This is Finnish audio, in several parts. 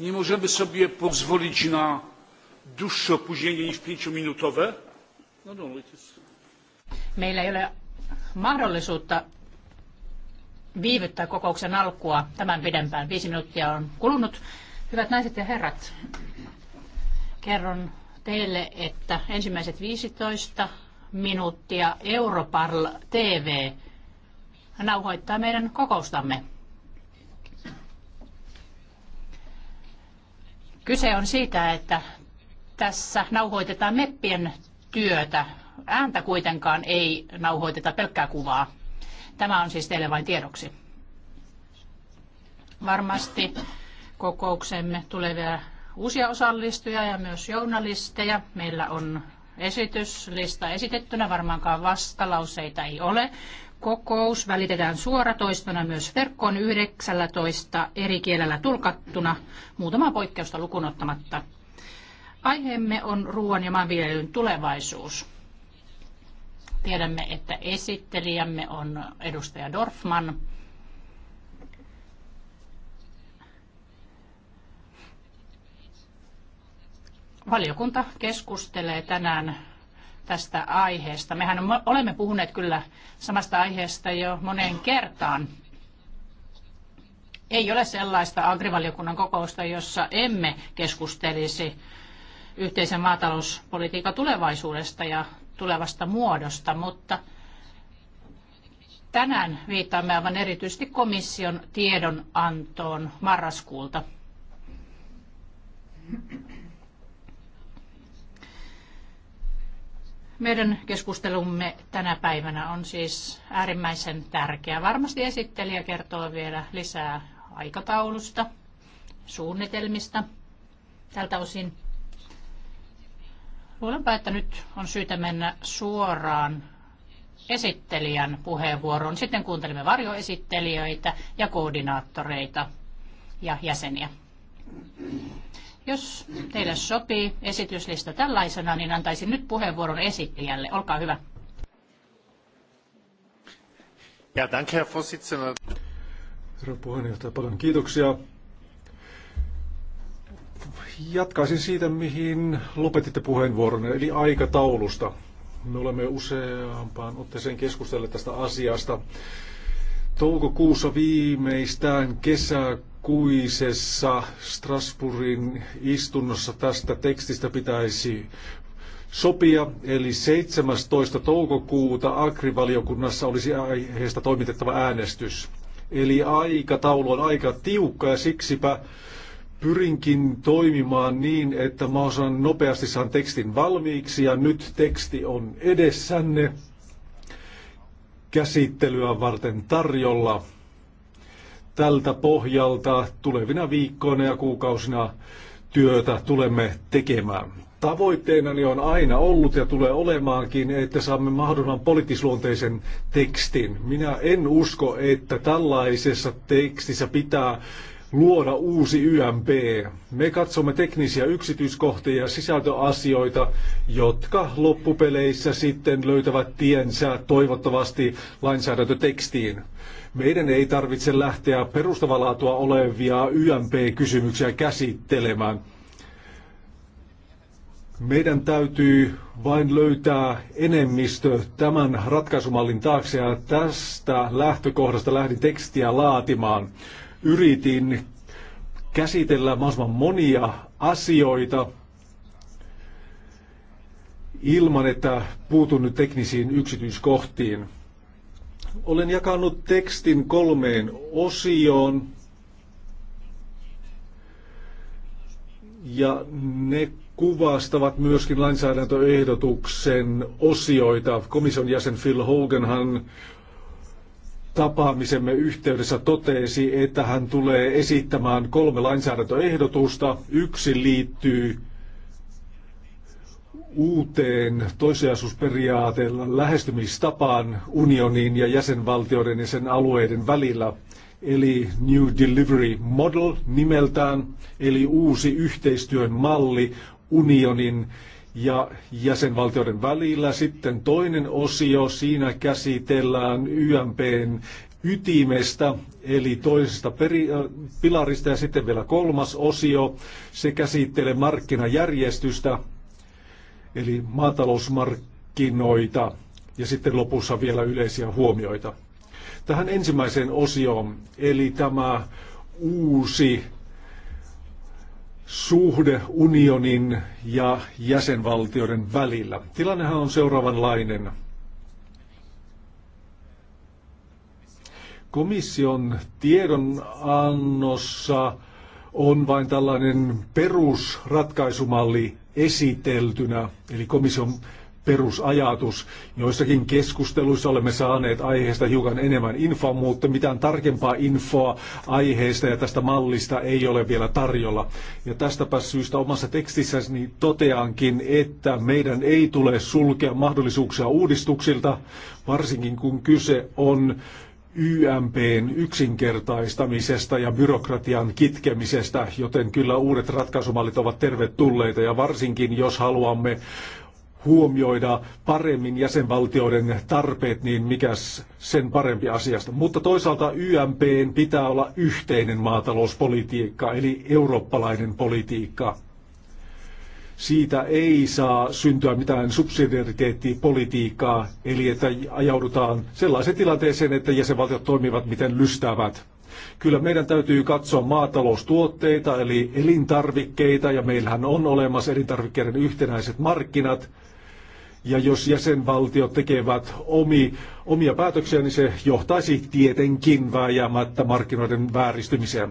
nie możemy sobie pozwolić na dłuższe opóźnienie niż pięciominutowe. No, no, Meillä ei ole mahdollisuutta viivyttää kokouksen alkua tämän pidempään. Viisi minuuttia on kulunut. Hyvät naiset ja herrat, kerron teille, että ensimmäiset 15 minuuttia Europarl TV nauhoittaa meidän kokoustamme. Kyse on siitä, että tässä nauhoitetaan meppien työtä. Ääntä kuitenkaan ei nauhoiteta pelkkää kuvaa. Tämä on siis teille vain tiedoksi. Varmasti kokouksemme tulee vielä uusia osallistujia ja myös journalisteja. Meillä on esityslista esitettynä, varmaankaan vastalauseita ei ole kokous välitetään suoratoistona myös verkkoon 19 eri kielellä tulkattuna, muutama poikkeusta lukunottamatta. Aiheemme on ruoan ja maanviljelyn tulevaisuus. Tiedämme, että esittelijämme on edustaja Dorfman. Valiokunta keskustelee tänään tästä aiheesta. Mehän olemme puhuneet kyllä samasta aiheesta jo moneen kertaan. Ei ole sellaista agrivaliokunnan kokousta, jossa emme keskustelisi yhteisen maatalouspolitiikan tulevaisuudesta ja tulevasta muodosta, mutta tänään viittaamme aivan erityisesti komission tiedonantoon marraskuulta. Meidän keskustelumme tänä päivänä on siis äärimmäisen tärkeä. Varmasti esittelijä kertoo vielä lisää aikataulusta, suunnitelmista tältä osin. Luulenpa, että nyt on syytä mennä suoraan esittelijän puheenvuoroon. Sitten kuuntelemme varjoesittelijöitä ja koordinaattoreita ja jäseniä. Jos teille sopii esityslista tällaisena, niin antaisin nyt puheenvuoron esittelijälle. Olkaa hyvä. Ja, danke, Herr Vorsitzender. Herra puheenjohtaja, paljon kiitoksia. Jatkaisin siitä, mihin lopetitte puheenvuoron, eli aikataulusta. Me olemme useampaan otteeseen keskustelleet tästä asiasta. Toukokuussa viimeistään kesä syyskuisessa Strasbourgin istunnossa tästä tekstistä pitäisi sopia, eli 17. toukokuuta agrivaliokunnassa olisi aiheesta toimitettava äänestys. Eli aikataulu on aika tiukka ja siksipä pyrinkin toimimaan niin, että osaan nopeasti saan tekstin valmiiksi ja nyt teksti on edessänne käsittelyä varten tarjolla. Tältä pohjalta tulevina viikkoina ja kuukausina työtä tulemme tekemään. Tavoitteena on aina ollut ja tulee olemaankin, että saamme mahdollisimman poliittisluonteisen tekstin. Minä en usko, että tällaisessa tekstissä pitää luoda uusi YMP. Me katsomme teknisiä yksityiskohtia ja sisältöasioita, jotka loppupeleissä sitten löytävät tiensä toivottavasti lainsäädäntötekstiin. Meidän ei tarvitse lähteä perustavalaatua olevia YMP-kysymyksiä käsittelemään. Meidän täytyy vain löytää enemmistö tämän ratkaisumallin taakse ja tästä lähtökohdasta lähdin tekstiä laatimaan yritin käsitellä mahdollisimman monia asioita ilman, että puutun nyt teknisiin yksityiskohtiin. Olen jakanut tekstin kolmeen osioon. Ja ne kuvastavat myöskin lainsäädäntöehdotuksen osioita. Komission jäsen Phil Hoganhan tapaamisemme yhteydessä totesi, että hän tulee esittämään kolme lainsäädäntöehdotusta. Yksi liittyy uuteen toisiasusperiaateen lähestymistapaan unionin ja jäsenvaltioiden ja sen alueiden välillä, eli New Delivery Model nimeltään, eli uusi yhteistyön malli unionin ja jäsenvaltioiden välillä. Sitten toinen osio, siinä käsitellään YMPn ytimestä, eli toisesta peri- äh, pilarista, ja sitten vielä kolmas osio, se käsittelee markkinajärjestystä, eli maatalousmarkkinoita, ja sitten lopussa vielä yleisiä huomioita. Tähän ensimmäiseen osioon, eli tämä uusi suhde unionin ja jäsenvaltioiden välillä. Tilannehan on seuraavanlainen. Komission tiedonannossa on vain tällainen perusratkaisumalli esiteltynä, eli komission perusajatus. Joissakin keskusteluissa olemme saaneet aiheesta hiukan enemmän infoa, mutta mitään tarkempaa infoa aiheesta ja tästä mallista ei ole vielä tarjolla. Ja tästäpä syystä omassa tekstissäni toteankin, että meidän ei tule sulkea mahdollisuuksia uudistuksilta, varsinkin kun kyse on YMPn yksinkertaistamisesta ja byrokratian kitkemisestä, joten kyllä uudet ratkaisumallit ovat tervetulleita ja varsinkin jos haluamme huomioida paremmin jäsenvaltioiden tarpeet, niin mikäs sen parempi asiasta. Mutta toisaalta YMPn pitää olla yhteinen maatalouspolitiikka, eli eurooppalainen politiikka. Siitä ei saa syntyä mitään subsidiariteettipolitiikkaa, eli että ajaudutaan sellaiseen tilanteeseen, että jäsenvaltiot toimivat miten lystävät. Kyllä meidän täytyy katsoa maataloustuotteita, eli elintarvikkeita, ja meillähän on olemassa elintarvikkeiden yhtenäiset markkinat – ja jos jäsenvaltiot tekevät omi, omia päätöksiä, niin se johtaisi tietenkin vääjäämättä markkinoiden vääristymiseen.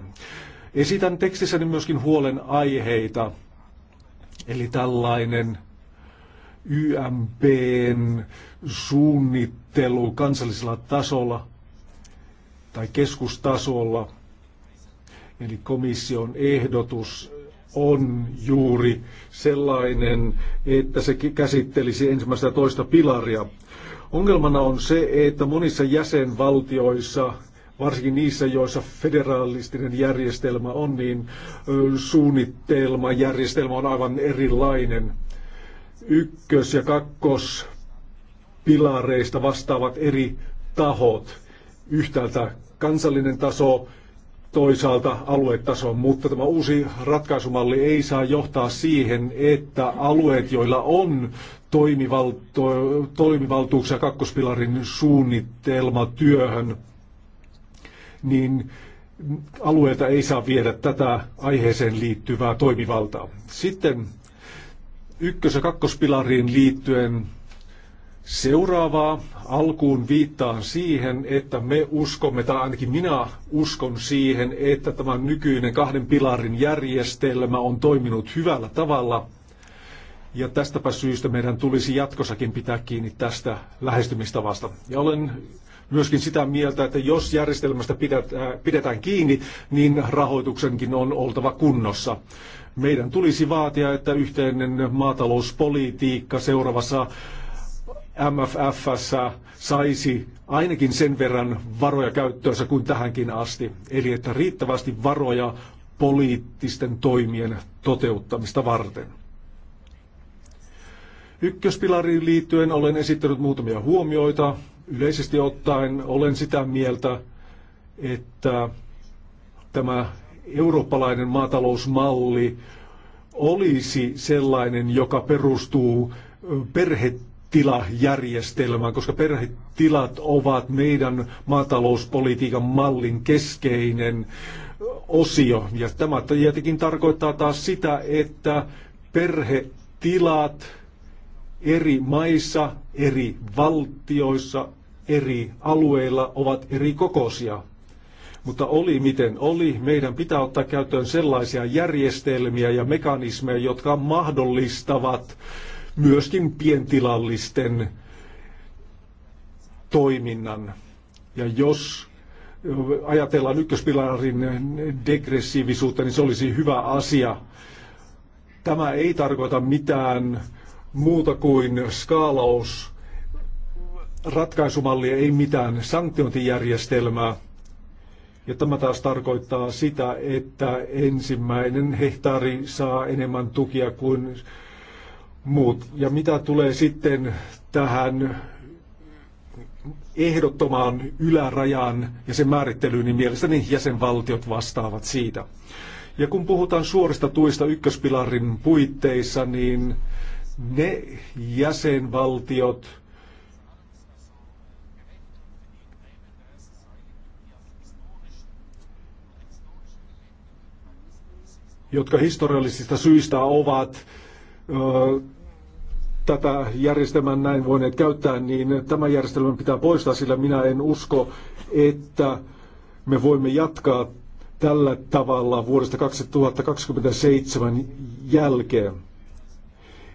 Esitän tekstissäni myöskin huolen aiheita, eli tällainen YMPn suunnittelu kansallisella tasolla tai keskustasolla, eli komission ehdotus on juuri sellainen, että se käsittelisi ensimmäistä ja toista pilaria. Ongelmana on se, että monissa jäsenvaltioissa, varsinkin niissä, joissa federalistinen järjestelmä on, niin suunnitelma, järjestelmä on aivan erilainen. Ykkös- ja kakkospilareista vastaavat eri tahot. Yhtäältä kansallinen taso, toisaalta aluetason, mutta tämä uusi ratkaisumalli ei saa johtaa siihen, että alueet, joilla on toimivalto, toimivaltuuksia kakkospilarin suunnitelmatyöhön, niin alueelta ei saa viedä tätä aiheeseen liittyvää toimivaltaa. Sitten ykkös- ja kakkospilariin liittyen Seuraavaa alkuun viittaan siihen, että me uskomme, tai ainakin minä uskon siihen, että tämä nykyinen kahden pilarin järjestelmä on toiminut hyvällä tavalla. Ja tästäpä syystä meidän tulisi jatkossakin pitää kiinni tästä lähestymistavasta. Ja olen myöskin sitä mieltä, että jos järjestelmästä äh, pidetään kiinni, niin rahoituksenkin on oltava kunnossa. Meidän tulisi vaatia, että yhteinen maatalouspolitiikka seuraavassa MFFssä saisi ainakin sen verran varoja käyttöönsä kuin tähänkin asti. Eli että riittävästi varoja poliittisten toimien toteuttamista varten. Ykköspilariin liittyen olen esittänyt muutamia huomioita. Yleisesti ottaen olen sitä mieltä, että tämä eurooppalainen maatalousmalli olisi sellainen, joka perustuu perhetyöhön tilajärjestelmään, koska perhetilat ovat meidän maatalouspolitiikan mallin keskeinen osio. Ja tämä tietenkin tarkoittaa taas sitä, että perhetilat eri maissa, eri valtioissa, eri alueilla ovat eri kokoisia. Mutta oli miten oli, meidän pitää ottaa käyttöön sellaisia järjestelmiä ja mekanismeja, jotka mahdollistavat äh, myöskin pientilallisten toiminnan. Ja jos ajatellaan ykköspilarin degressiivisuutta, niin se olisi hyvä asia. Tämä ei tarkoita mitään muuta kuin skaalaus ratkaisumallia, ei mitään sanktiointijärjestelmää. Ja tämä taas tarkoittaa sitä, että ensimmäinen hehtaari saa enemmän tukia kuin Mut, Ja mitä tulee sitten tähän ehdottomaan ylärajaan ja sen määrittelyyn, niin mielestäni jäsenvaltiot vastaavat siitä. Ja kun puhutaan suorista tuista ykköspilarin puitteissa, niin ne jäsenvaltiot, jotka historiallisista syistä ovat tätä järjestelmän näin voineet käyttää, niin tämä järjestelmä pitää poistaa, sillä minä en usko, että me voimme jatkaa tällä tavalla vuodesta 2027 jälkeen.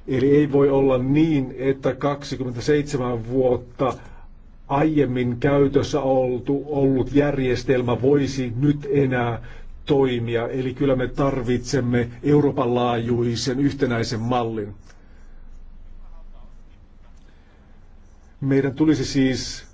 Eli ei voi olla niin, että 27 vuotta aiemmin käytössä ollut järjestelmä voisi nyt enää toimia. Eli kyllä me tarvitsemme Euroopan laajuisen yhtenäisen mallin. Meidän tulisi siis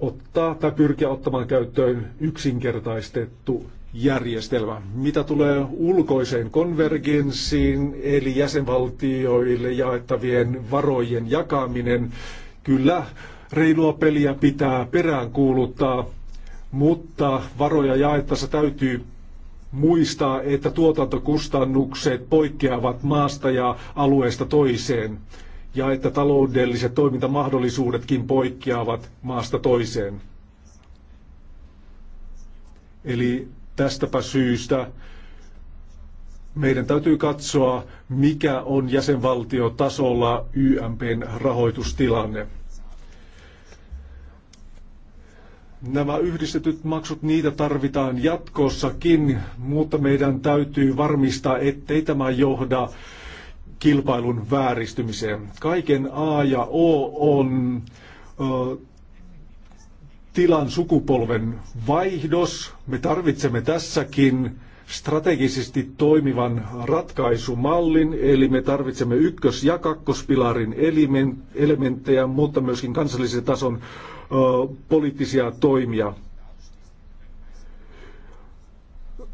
ottaa tai pyrkiä ottamaan käyttöön yksinkertaistettu järjestelmä. Mitä tulee ulkoiseen konvergenssiin, eli jäsenvaltioille jaettavien varojen jakaminen, kyllä reilua peliä pitää peräänkuuluttaa mutta varoja jaettaessa täytyy muistaa, että tuotantokustannukset poikkeavat maasta ja alueesta toiseen ja että taloudelliset toimintamahdollisuudetkin poikkeavat maasta toiseen. Eli tästäpä syystä meidän täytyy katsoa, mikä on jäsenvaltiotasolla YMPn rahoitustilanne. Nämä yhdistetyt maksut, niitä tarvitaan jatkossakin, mutta meidän täytyy varmistaa, ettei tämä johda kilpailun vääristymiseen. Kaiken A ja O on ö, tilan sukupolven vaihdos. Me tarvitsemme tässäkin strategisesti toimivan ratkaisumallin, eli me tarvitsemme ykkös- ja kakkospilarin elementtejä, mutta myöskin kansallisen tason poliittisia toimia.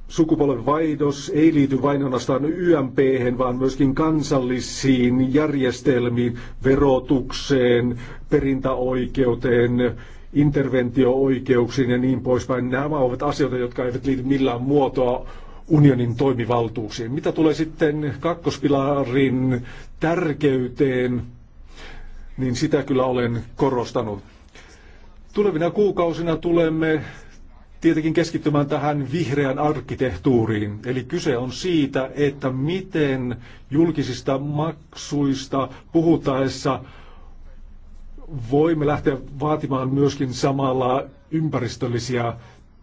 Sukupolven vaihdos ei liity vain ainoastaan YMP, vaan myöskin kansallisiin järjestelmiin, verotukseen, perintäoikeuteen, interventio-oikeuksiin ja niin poispäin. Nämä ovat asioita, jotka eivät liity millään muotoa unionin toimivaltuuksiin. Mitä tulee sitten kakkospilarin tärkeyteen, niin sitä kyllä olen korostanut. Tulevina kuukausina tulemme tietenkin keskittymään tähän vihreän arkkitehtuuriin. Eli kyse on siitä, että miten julkisista maksuista puhutaessa voimme lähteä vaatimaan myöskin samalla ympäristöllisiä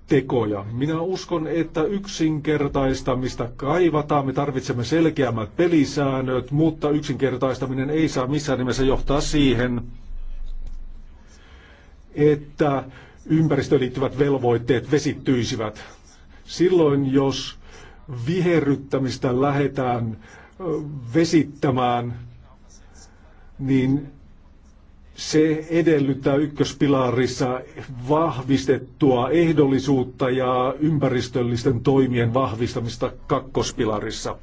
tekoja. Minä uskon, että yksinkertaistamista kaivataan. Me tarvitsemme selkeämmät pelisäännöt, mutta yksinkertaistaminen ei saa missään nimessä johtaa siihen, että ympäristöön liittyvät velvoitteet vesittyisivät. Silloin, jos viherryttämistä lähdetään vesittämään, niin se edellyttää ykköspilarissa vahvistettua ehdollisuutta ja ympäristöllisten toimien vahvistamista kakkospilarissa.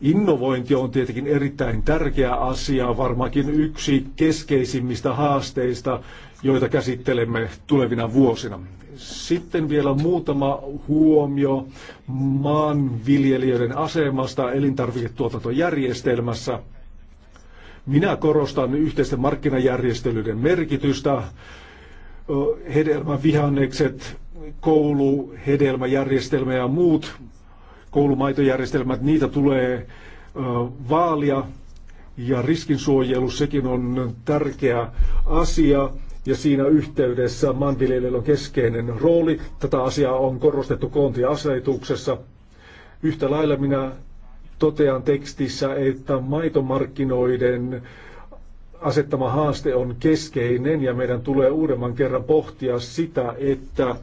Innovointi on tietenkin erittäin tärkeä asia, varmaankin yksi keskeisimmistä haasteista, joita käsittelemme tulevina vuosina. Sitten vielä muutama huomio maanviljelijöiden asemasta elintarviketuotantojärjestelmässä. Minä korostan yhteisten markkinajärjestelyiden merkitystä. Hedelmävihannekset, kouluhedelmäjärjestelmä ja muut koulumaitojärjestelmät, niitä tulee vaalia ja riskinsuojelu, sekin on tärkeä asia ja siinä yhteydessä maanviljelijöillä on keskeinen rooli. Tätä asiaa on korostettu koontiasetuksessa. Yhtä lailla minä totean tekstissä, että maitomarkkinoiden asettama haaste on keskeinen ja meidän tulee uudemman kerran pohtia sitä, että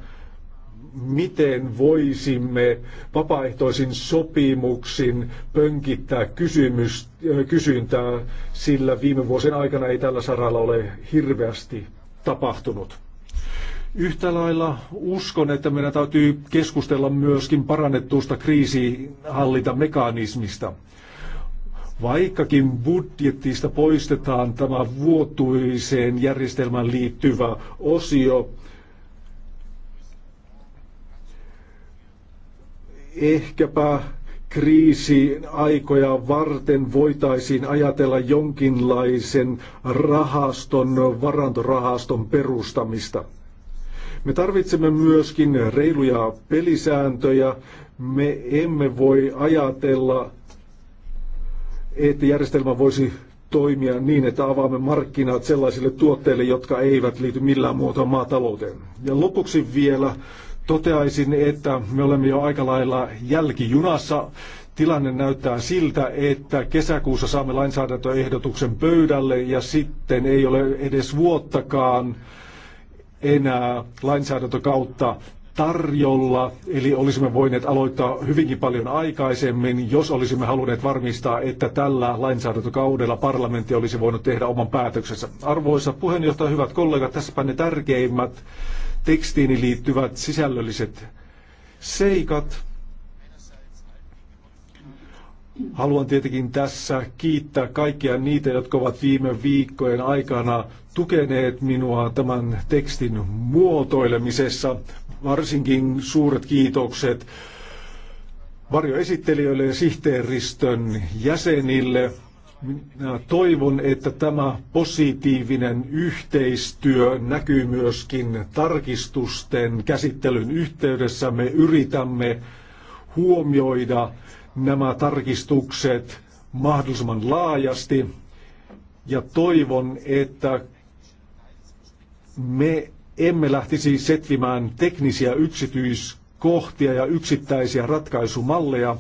miten voisimme vapaaehtoisin sopimuksin pönkittää kysymys, kysyntää, sillä viime vuosien aikana ei tällä saralla ole hirveästi tapahtunut. Yhtä lailla uskon, että meidän täytyy keskustella myöskin parannettuusta kriisihallintamekanismista. Vaikkakin budjettista poistetaan tämä vuotuiseen järjestelmään liittyvä osio, ehkäpä kriisiaikoja varten voitaisiin ajatella jonkinlaisen rahaston, varantorahaston perustamista. Me tarvitsemme myöskin reiluja pelisääntöjä. Me emme voi ajatella, että järjestelmä voisi toimia niin, että avaamme markkinat sellaisille tuotteille, jotka eivät liity millään muotoa maatalouteen. Ja lopuksi vielä Toteaisin, että me olemme jo aika lailla jälkijunassa. Tilanne näyttää siltä, että kesäkuussa saamme lainsäädäntöehdotuksen pöydälle ja sitten ei ole edes vuottakaan enää lainsäädäntökautta tarjolla, eli olisimme voineet aloittaa hyvinkin paljon aikaisemmin, jos olisimme halunneet varmistaa, että tällä lainsäädäntökaudella parlamentti olisi voinut tehdä oman päätöksensä. Arvoisa puheenjohtaja, hyvät kollegat, tässäpä ne tärkeimmät tekstiin liittyvät sisällölliset seikat. Haluan tietenkin tässä kiittää kaikkia niitä, jotka ovat viime viikkojen aikana tukeneet minua tämän tekstin muotoilemisessa. Varsinkin suuret kiitokset varjoesittelijöille ja sihteeristön jäsenille. Minä toivon, että tämä positiivinen yhteistyö näkyy myöskin tarkistusten käsittelyn yhteydessä. Me yritämme huomioida nämä tarkistukset mahdollisimman laajasti ja toivon, että me emme lähtisi setvimään teknisiä yksityiskohtia ja yksittäisiä ratkaisumalleja,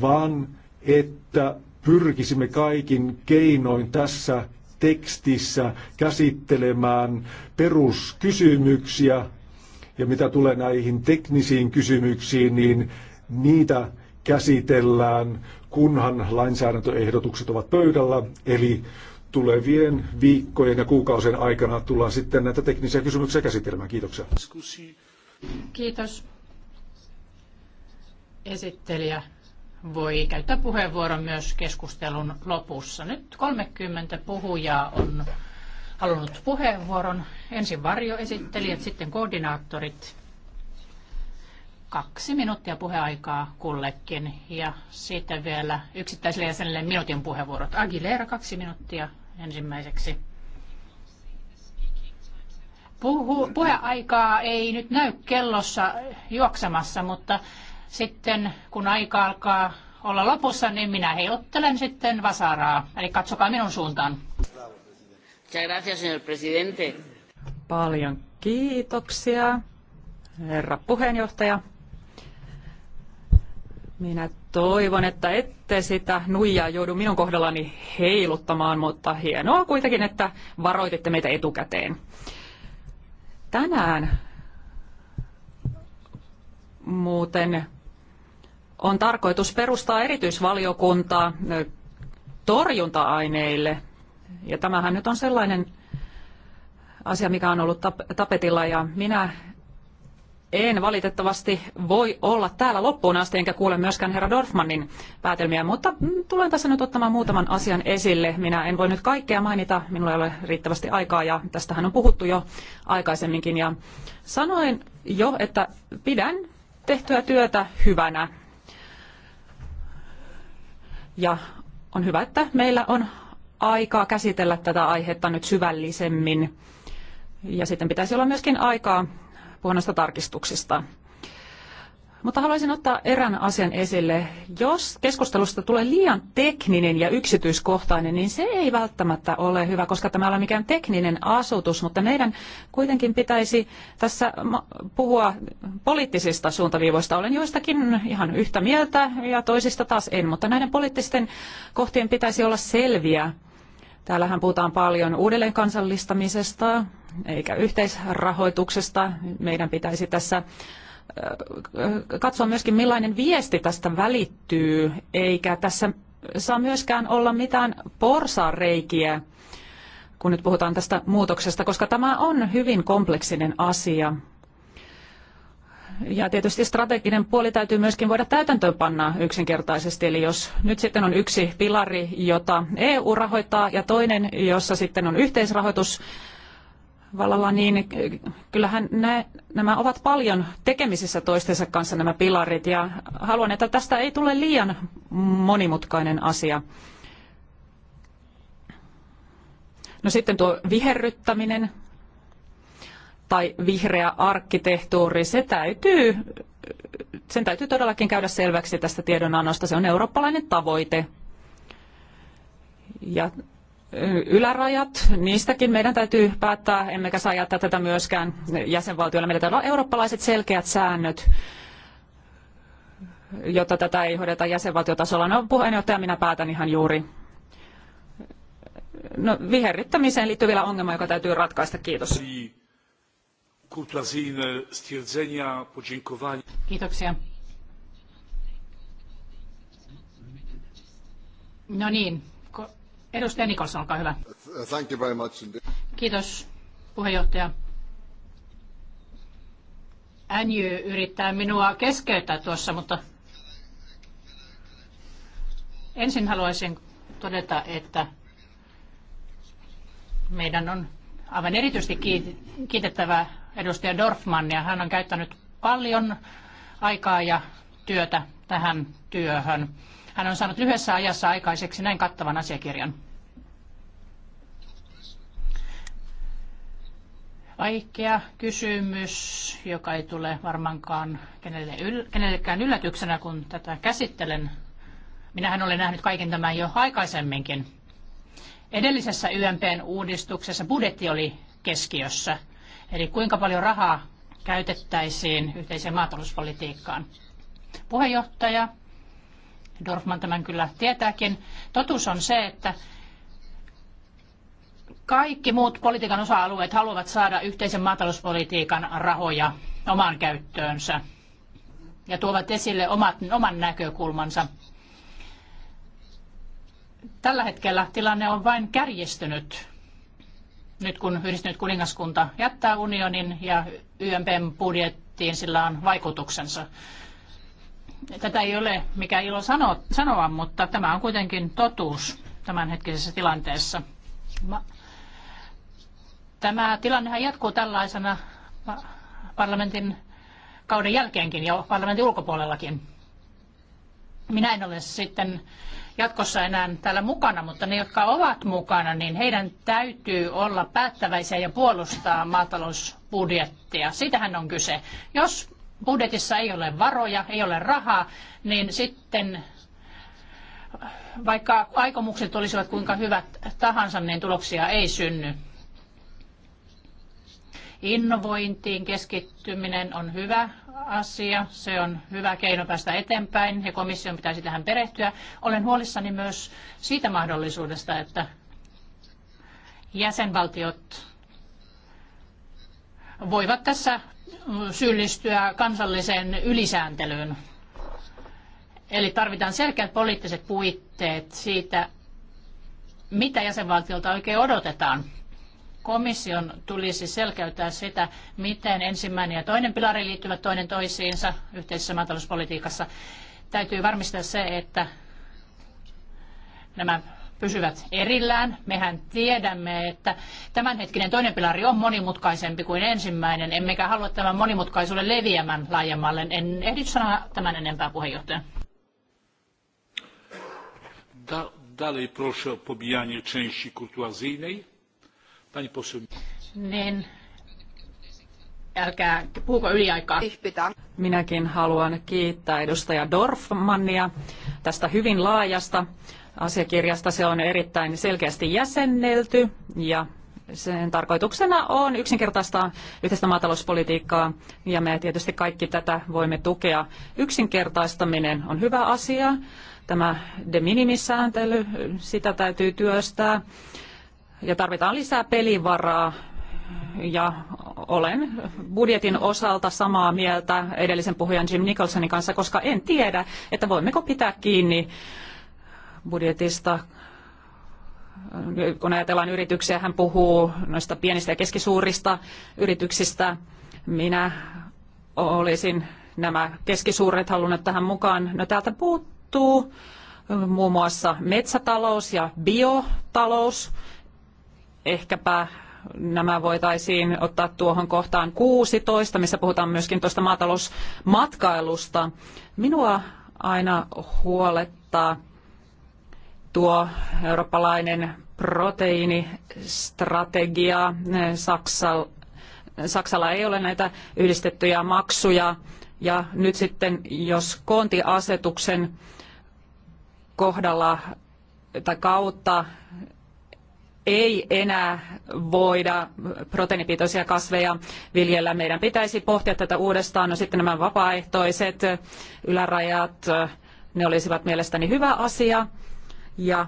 vaan että pyrkisimme kaikin keinoin tässä tekstissä käsittelemään peruskysymyksiä. Ja mitä tulee näihin teknisiin kysymyksiin, niin niitä käsitellään, kunhan lainsäädäntöehdotukset ovat pöydällä. Eli tulevien viikkojen ja kuukausien aikana tullaan sitten näitä teknisiä kysymyksiä käsittelemään. Kiitoksia. Kiitos. Esittelijä voi käyttää puheenvuoron myös keskustelun lopussa. Nyt 30 puhujaa on halunnut puheenvuoron. Ensin varjoesittelijät, sitten koordinaattorit. Kaksi minuuttia puheaikaa kullekin ja siitä vielä yksittäiselle jäsenelle minuutin puheenvuorot. Aguilera kaksi minuuttia ensimmäiseksi. Puhu, puheaikaa ei nyt näy kellossa juoksemassa, mutta sitten kun aika alkaa olla lopussa, niin minä heiluttelen sitten vasaraa. Eli katsokaa minun suuntaan. Paljon kiitoksia, herra puheenjohtaja. Minä toivon, että ette sitä nuijaa joudu minun kohdallani heiluttamaan, mutta hienoa kuitenkin, että varoititte meitä etukäteen. Tänään muuten on tarkoitus perustaa erityisvaliokunta torjunta-aineille. Ja tämähän nyt on sellainen asia, mikä on ollut tapetilla ja minä en valitettavasti voi olla täällä loppuun asti, enkä kuule myöskään herra Dorfmannin päätelmiä, mutta mm, tulen tässä nyt ottamaan muutaman asian esille. Minä en voi nyt kaikkea mainita, minulla ei ole riittävästi aikaa ja tästähän on puhuttu jo aikaisemminkin. Ja sanoin jo, että pidän tehtyä työtä hyvänä ja on hyvä, että meillä on aikaa käsitellä tätä aihetta nyt syvällisemmin. Ja sitten pitäisi olla myöskin aikaa puhua tarkistuksista. Mutta haluaisin ottaa erään asian esille. Jos keskustelusta tulee liian tekninen ja yksityiskohtainen, niin se ei välttämättä ole hyvä, koska tämä ei ole mikään tekninen asutus, mutta meidän kuitenkin pitäisi tässä puhua poliittisista suuntaviivoista. Olen joistakin ihan yhtä mieltä ja toisista taas en, mutta näiden poliittisten kohtien pitäisi olla selviä. Täällähän puhutaan paljon uudelleen kansallistamisesta eikä yhteisrahoituksesta. Meidän pitäisi tässä katsoa myöskin millainen viesti tästä välittyy, eikä tässä saa myöskään olla mitään porsareikiä, kun nyt puhutaan tästä muutoksesta, koska tämä on hyvin kompleksinen asia. Ja tietysti strateginen puoli täytyy myöskin voida täytäntöönpanna yksinkertaisesti. Eli jos nyt sitten on yksi pilari, jota EU rahoittaa ja toinen, jossa sitten on yhteisrahoitus Valalla niin kyllähän ne, nämä ovat paljon tekemisissä toistensa kanssa nämä pilarit ja haluan, että tästä ei tule liian monimutkainen asia. No sitten tuo viherryttäminen tai vihreä arkkitehtuuri, se täytyy, sen täytyy todellakin käydä selväksi tästä tiedonannosta. Se on eurooppalainen tavoite. Ja ylärajat, niistäkin meidän täytyy päättää, emmekä saa jättää tätä myöskään jäsenvaltioille. Meillä täytyy olla eurooppalaiset selkeät säännöt, jotta tätä ei hoideta jäsenvaltiotasolla. No puheenjohtaja, minä päätän ihan juuri. No viherryttämiseen liittyy vielä ongelma, joka täytyy ratkaista. Kiitos. Kiitoksia. No niin, Edustaja Nikos, olkaa hyvä. Thank you very much. Kiitos puheenjohtaja. Anju yrittää minua keskeyttää tuossa, mutta ensin haluaisin todeta, että meidän on aivan erityisesti kiitettävä edustaja Dorfman ja hän on käyttänyt paljon aikaa ja työtä tähän työhön. Hän on saanut lyhyessä ajassa aikaiseksi näin kattavan asiakirjan. Vaikea kysymys, joka ei tule varmaankaan kenelle yl- kenellekään yllätyksenä, kun tätä käsittelen. Minähän olen nähnyt kaiken tämän jo aikaisemminkin. Edellisessä YMPn uudistuksessa budjetti oli keskiössä. Eli kuinka paljon rahaa käytettäisiin yhteiseen maatalouspolitiikkaan. Puheenjohtaja Dorfman tämän kyllä tietääkin. Totuus on se, että kaikki muut politiikan osa-alueet haluavat saada yhteisen maatalouspolitiikan rahoja omaan käyttöönsä ja tuovat esille omat, oman näkökulmansa. Tällä hetkellä tilanne on vain kärjistynyt, nyt kun yhdistynyt kuningaskunta jättää unionin ja YMPn budjettiin sillä on vaikutuksensa. Tätä ei ole mikä ilo sano, sanoa, mutta tämä on kuitenkin totuus tämänhetkisessä tilanteessa. Tämä tilannehan jatkuu tällaisena parlamentin kauden jälkeenkin ja parlamentin ulkopuolellakin. Minä en ole sitten jatkossa enää täällä mukana, mutta ne, jotka ovat mukana, niin heidän täytyy olla päättäväisiä ja puolustaa maatalousbudjettia. Siitähän on kyse. Jos budjetissa ei ole varoja, ei ole rahaa, niin sitten vaikka aikomukset olisivat kuinka hyvät tahansa, niin tuloksia ei synny. Innovointiin keskittyminen on hyvä asia. Se on hyvä keino päästä eteenpäin ja komission pitäisi tähän perehtyä. Olen huolissani myös siitä mahdollisuudesta, että jäsenvaltiot voivat tässä syyllistyä kansalliseen ylisääntelyyn. Eli tarvitaan selkeät poliittiset puitteet siitä, mitä jäsenvaltiolta oikein odotetaan. Komission tulisi selkeyttää sitä, miten ensimmäinen ja toinen pilari liittyvät toinen toisiinsa yhteisessä maatalouspolitiikassa. Täytyy varmistaa se, että nämä pysyvät erillään. Mehän tiedämme, että tämänhetkinen toinen pilari on monimutkaisempi kuin ensimmäinen, emmekä halua tämän monimutkaisuuden leviämään laajemmalle. En ehdi sanoa tämän enempää puheenjohtaja. Da, dalej proszę o pobijanie części kurtuazyjnej. Pani poseł. Niin, älkää puhuko yliaikaa. Minäkin haluan kiittää edustaja Dorfmannia tästä hyvin laajasta asiakirjasta. Se on erittäin selkeästi jäsennelty ja sen tarkoituksena on yksinkertaistaa yhteistä maatalouspolitiikkaa ja me tietysti kaikki tätä voimme tukea. Yksinkertaistaminen on hyvä asia. Tämä de minimis-sääntely, sitä täytyy työstää ja tarvitaan lisää pelivaraa ja olen budjetin osalta samaa mieltä edellisen puhujan Jim Nicholsonin kanssa, koska en tiedä, että voimmeko pitää kiinni budjetista. Kun ajatellaan yrityksiä, hän puhuu noista pienistä ja keskisuurista yrityksistä. Minä olisin nämä keskisuuret halunnut tähän mukaan. No täältä puuttuu muun muassa metsätalous ja biotalous. Ehkäpä nämä voitaisiin ottaa tuohon kohtaan 16, missä puhutaan myöskin tuosta maatalousmatkailusta. Minua aina huolettaa tuo eurooppalainen proteiinistrategia. Saksa, Saksalla ei ole näitä yhdistettyjä maksuja. Ja nyt sitten, jos koontiasetuksen kohdalla tai kautta ei enää voida proteiinipitoisia kasveja viljellä. Meidän pitäisi pohtia tätä uudestaan. No sitten nämä vapaaehtoiset ylärajat, ne olisivat mielestäni hyvä asia. Ja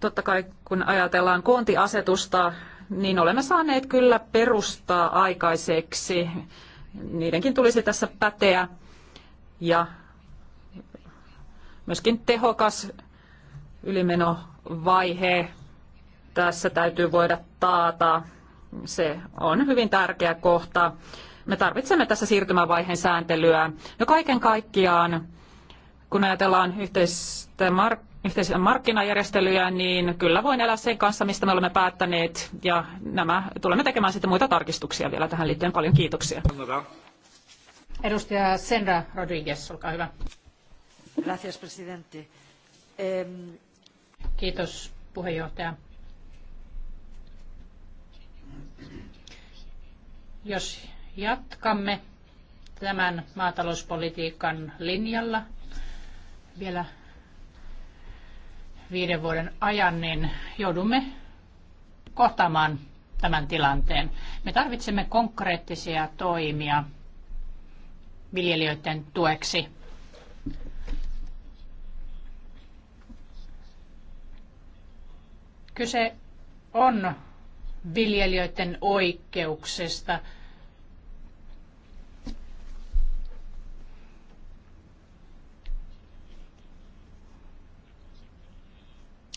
totta kai kun ajatellaan koontiasetusta, niin olemme saaneet kyllä perustaa aikaiseksi. Niidenkin tulisi tässä päteä. Ja myöskin tehokas ylimenovaihe tässä täytyy voida taata. Se on hyvin tärkeä kohta. Me tarvitsemme tässä siirtymävaiheen sääntelyä. No kaiken kaikkiaan, kun ajatellaan yhteistä mark- yhteisiä markkinajärjestelyjä, niin kyllä voin elää sen kanssa, mistä me olemme päättäneet. Ja nämä tulemme tekemään sitten muita tarkistuksia vielä tähän liittyen. Paljon kiitoksia. Edustaja Senra Rodriguez, olkaa hyvä. Gracias, presidente. Kiitos, puheenjohtaja. Jos jatkamme tämän maatalouspolitiikan linjalla vielä viiden vuoden ajan, niin joudumme kohtaamaan tämän tilanteen. Me tarvitsemme konkreettisia toimia viljelijöiden tueksi. Kyse on viljelijöiden oikeuksista –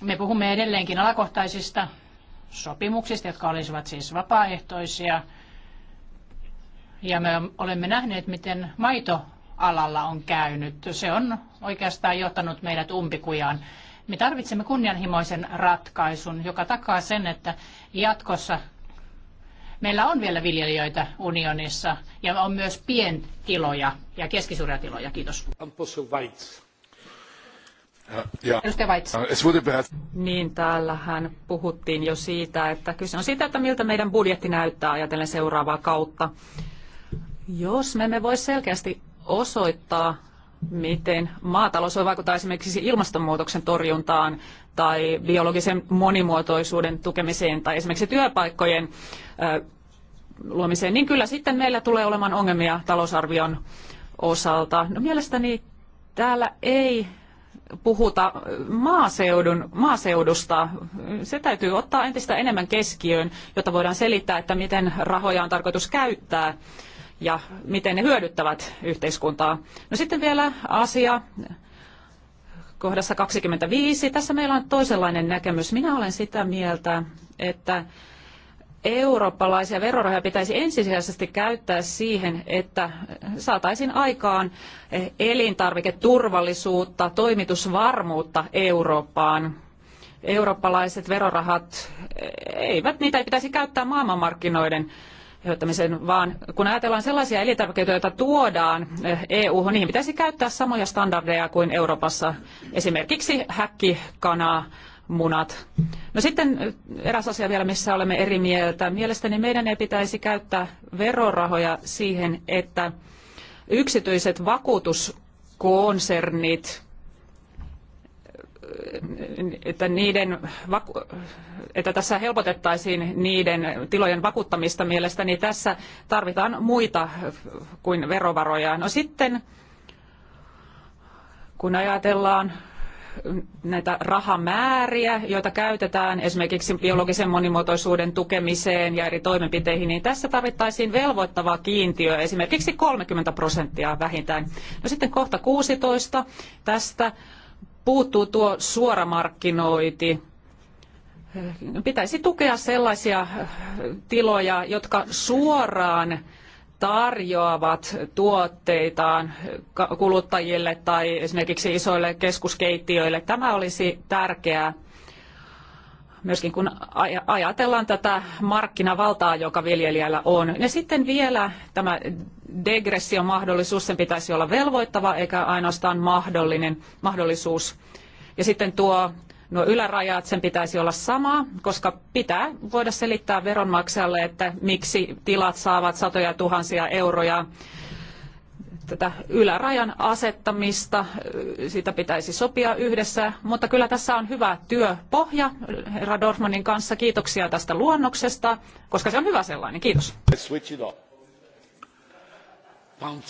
Me puhumme edelleenkin alakohtaisista sopimuksista, jotka olisivat siis vapaaehtoisia. Ja me olemme nähneet, miten maitoalalla on käynyt. Se on oikeastaan johtanut meidät umpikujaan. Me tarvitsemme kunnianhimoisen ratkaisun, joka takaa sen, että jatkossa meillä on vielä viljelijöitä unionissa ja on myös pientiloja ja keskisuuria tiloja. Kiitos. Uh, ja, uh, niin, täällähän puhuttiin jo siitä, että kyse on siitä, että miltä meidän budjetti näyttää ajatellen seuraavaa kautta. Jos me emme voi selkeästi osoittaa, miten maatalous voi vaikuttaa esimerkiksi ilmastonmuutoksen torjuntaan tai biologisen monimuotoisuuden tukemiseen tai esimerkiksi työpaikkojen luomiseen, niin kyllä sitten meillä tulee olemaan ongelmia talousarvion osalta. No, mielestäni täällä ei puhuta maaseudun, maaseudusta. Se täytyy ottaa entistä enemmän keskiöön, jotta voidaan selittää, että miten rahoja on tarkoitus käyttää ja miten ne hyödyttävät yhteiskuntaa. No sitten vielä asia kohdassa 25. Tässä meillä on toisenlainen näkemys. Minä olen sitä mieltä, että eurooppalaisia verorahoja pitäisi ensisijaisesti käyttää siihen, että saataisiin aikaan eh, elintarviketurvallisuutta, toimitusvarmuutta Eurooppaan. Eurooppalaiset verorahat eh, eivät, niitä ei pitäisi käyttää maailmanmarkkinoiden hoitamiseen, vaan kun ajatellaan sellaisia elintarvikkeita, joita tuodaan eh, EU-hun, niihin pitäisi käyttää samoja standardeja kuin Euroopassa. Esimerkiksi häkkikanaa munat. No sitten eräs asia vielä, missä olemme eri mieltä. Mielestäni meidän ei pitäisi käyttää verorahoja siihen, että yksityiset vakuutuskonsernit että, niiden, että tässä helpotettaisiin niiden tilojen vakuuttamista mielestäni niin tässä tarvitaan muita kuin verovaroja. No sitten kun ajatellaan näitä rahamääriä, joita käytetään esimerkiksi biologisen monimuotoisuuden tukemiseen ja eri toimenpiteihin, niin tässä tarvittaisiin velvoittavaa kiintiöä, esimerkiksi 30 prosenttia vähintään. No sitten kohta 16 tästä puuttuu tuo suoramarkkinointi. Pitäisi tukea sellaisia tiloja, jotka suoraan tarjoavat tuotteitaan kuluttajille tai esimerkiksi isoille keskuskeittiöille. Tämä olisi tärkeää myöskin kun ajatellaan tätä markkinavaltaa, joka viljelijällä on. Ja sitten vielä tämä degression mahdollisuus, sen pitäisi olla velvoittava eikä ainoastaan mahdollinen mahdollisuus. Ja sitten tuo nuo ylärajat sen pitäisi olla sama, koska pitää voida selittää veronmaksajalle, että miksi tilat saavat satoja tuhansia euroja tätä ylärajan asettamista, siitä pitäisi sopia yhdessä, mutta kyllä tässä on hyvä työpohja herra Dorfmanin kanssa. Kiitoksia tästä luonnoksesta, koska se on hyvä sellainen. Kiitos. No,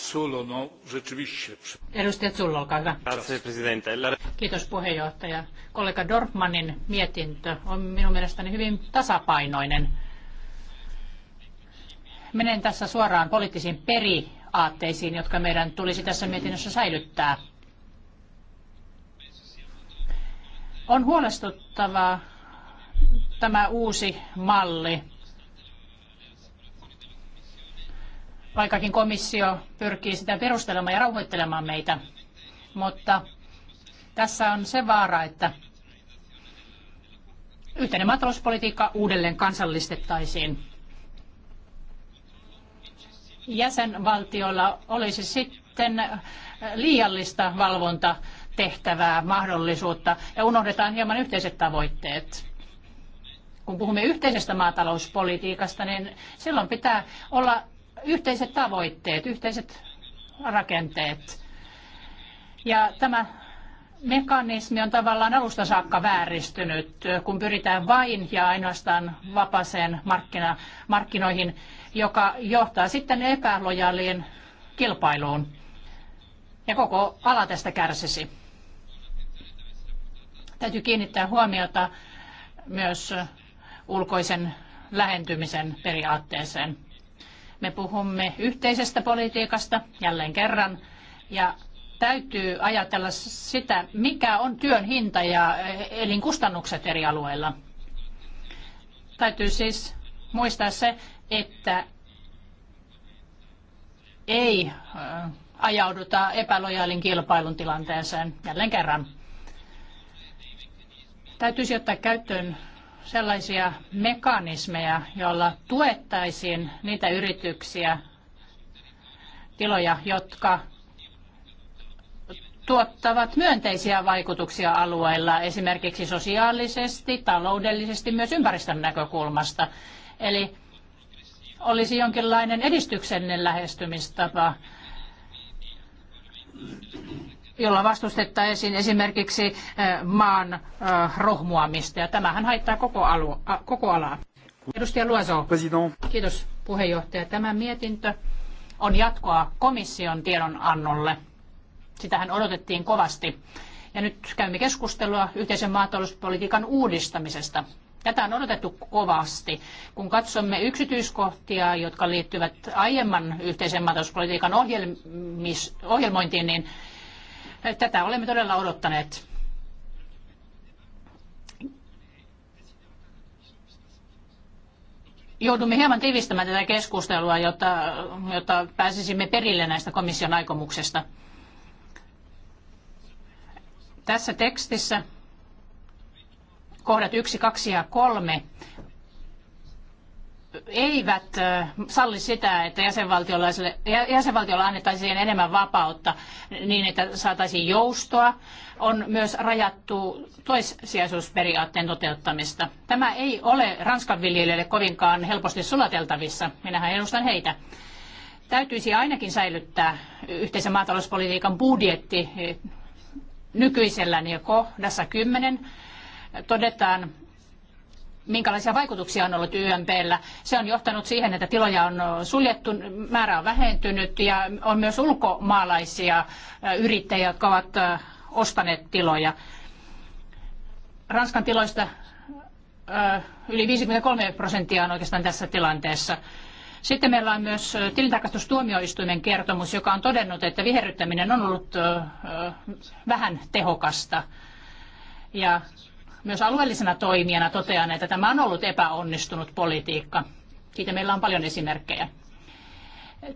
Kiitos puheenjohtaja. Kollega Dorfmanin mietintö on minun mielestäni hyvin tasapainoinen. Menen tässä suoraan poliittisiin periaatteisiin, jotka meidän tulisi tässä mietinnössä säilyttää. On huolestuttava tämä uusi malli vaikkakin komissio pyrkii sitä perustelemaan ja rauhoittelemaan meitä. Mutta tässä on se vaara, että yhteinen maatalouspolitiikka uudelleen kansallistettaisiin. Jäsenvaltioilla olisi sitten liiallista valvontatehtävää, mahdollisuutta ja unohdetaan hieman yhteiset tavoitteet kun puhumme yhteisestä maatalouspolitiikasta, niin silloin pitää olla yhteiset tavoitteet, yhteiset rakenteet. Ja tämä mekanismi on tavallaan alusta saakka vääristynyt, kun pyritään vain ja ainoastaan vapaaseen markkina, markkinoihin, joka johtaa sitten epälojaaliin kilpailuun. Ja koko ala tästä kärsisi. Täytyy kiinnittää huomiota myös ulkoisen lähentymisen periaatteeseen. Me puhumme yhteisestä politiikasta jälleen kerran ja täytyy ajatella sitä, mikä on työn hinta ja elinkustannukset eri alueilla. Täytyy siis muistaa se, että ei ajauduta epälojaalin kilpailun tilanteeseen jälleen kerran. Täytyisi ottaa käyttöön sellaisia mekanismeja, joilla tuettaisiin niitä yrityksiä, tiloja, jotka tuottavat myönteisiä vaikutuksia alueilla, esimerkiksi sosiaalisesti, taloudellisesti, myös ympäristön näkökulmasta. Eli olisi jonkinlainen edistyksellinen lähestymistapa jolla vastustettaisiin esimerkiksi eh, maan eh, rohmuamista. Ja tämähän haittaa koko, alu, koko alaa. Edustaja Luoso. President. Kiitos puheenjohtaja. Tämä mietintö on jatkoa komission tiedonannolle. Sitähän odotettiin kovasti. Ja nyt käymme keskustelua yhteisen maatalouspolitiikan uudistamisesta. Tätä on odotettu kovasti. Kun katsomme yksityiskohtia, jotka liittyvät aiemman yhteisen maatalouspolitiikan ohjelmointiin, niin Tätä olemme todella odottaneet. Joudumme hieman tiivistämään tätä keskustelua, jotta, jotta pääsisimme perille näistä komission aikomuksista. Tässä tekstissä kohdat yksi, kaksi ja kolme eivät salli sitä, että jäsenvaltiolla annettaisiin enemmän vapautta niin, että saataisiin joustoa. On myös rajattu toissijaisuusperiaatteen toteuttamista. Tämä ei ole Ranskan viljelijöille kovinkaan helposti sulateltavissa. Minähän edustan heitä. Täytyisi ainakin säilyttää yhteisen maatalouspolitiikan budjetti e, nykyisellään jo kohdassa 10 todetaan, minkälaisia vaikutuksia on ollut YMPllä. Se on johtanut siihen, että tiloja on suljettu, määrä on vähentynyt ja on myös ulkomaalaisia yrittäjiä, jotka ovat ostaneet tiloja. Ranskan tiloista yli 53 prosenttia on oikeastaan tässä tilanteessa. Sitten meillä on myös tilintarkastustuomioistuimen kertomus, joka on todennut, että viherryttäminen on ollut vähän tehokasta. Ja myös alueellisena toimijana totean, että tämä on ollut epäonnistunut politiikka. Siitä meillä on paljon esimerkkejä.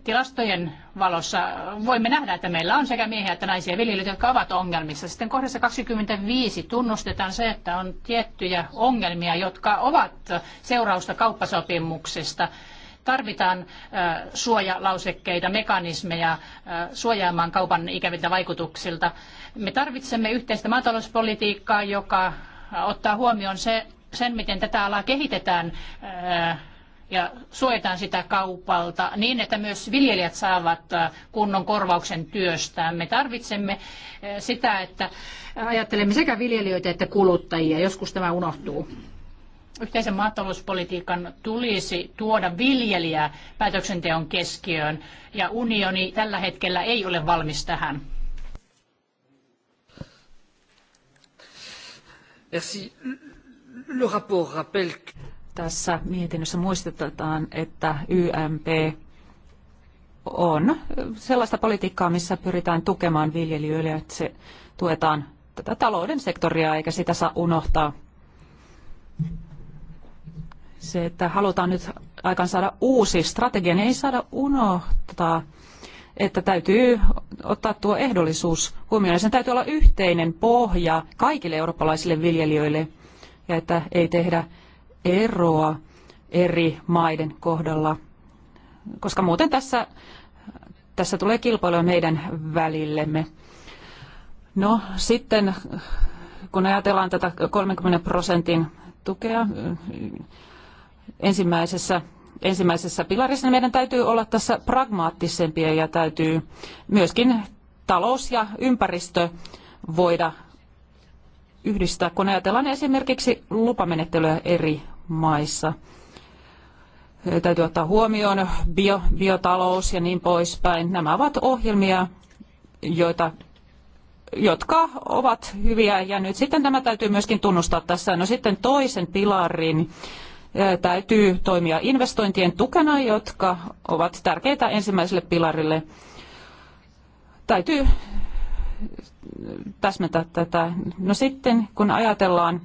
Tilastojen valossa voimme nähdä, että meillä on sekä miehiä että naisia viljelijöitä, jotka ovat ongelmissa. Sitten kohdassa 25 tunnustetaan se, että on tiettyjä ongelmia, jotka ovat seurausta kauppasopimuksesta tarvitaan suojalausekkeita, mekanismeja suojaamaan kaupan ikäviltä vaikutuksilta. Me tarvitsemme yhteistä maatalouspolitiikkaa, joka ottaa huomioon se, sen, miten tätä alaa kehitetään ja suojataan sitä kaupalta niin, että myös viljelijät saavat kunnon korvauksen työstään. Me tarvitsemme sitä, että ajattelemme sekä viljelijöitä että kuluttajia. Joskus tämä unohtuu. Yhteisen maatalouspolitiikan tulisi tuoda viljelijä päätöksenteon keskiöön, ja unioni tällä hetkellä ei ole valmis tähän. Tässä mietinnössä muistutetaan, että YMP on sellaista politiikkaa, missä pyritään tukemaan viljelijöille, että se tuetaan tätä talouden sektoria, eikä sitä saa unohtaa. Se, että halutaan nyt aikaan saada uusi strategia, niin ei saada unohtaa että täytyy ottaa tuo ehdollisuus huomioon. Sen täytyy olla yhteinen pohja kaikille eurooppalaisille viljelijöille ja että ei tehdä eroa eri maiden kohdalla, koska muuten tässä, tässä tulee kilpailua meidän välillemme. No sitten kun ajatellaan tätä 30 prosentin tukea ensimmäisessä ensimmäisessä pilarissa, niin meidän täytyy olla tässä pragmaattisempia ja täytyy myöskin talous ja ympäristö voida yhdistää, kun ajatellaan esimerkiksi lupamenettelyä eri maissa. Täytyy ottaa huomioon bio, biotalous ja niin poispäin. Nämä ovat ohjelmia, joita jotka ovat hyviä ja nyt sitten tämä täytyy myöskin tunnustaa tässä. No sitten toisen pilarin täytyy toimia investointien tukena, jotka ovat tärkeitä ensimmäiselle pilarille. Täytyy täsmentää tätä. No sitten, kun ajatellaan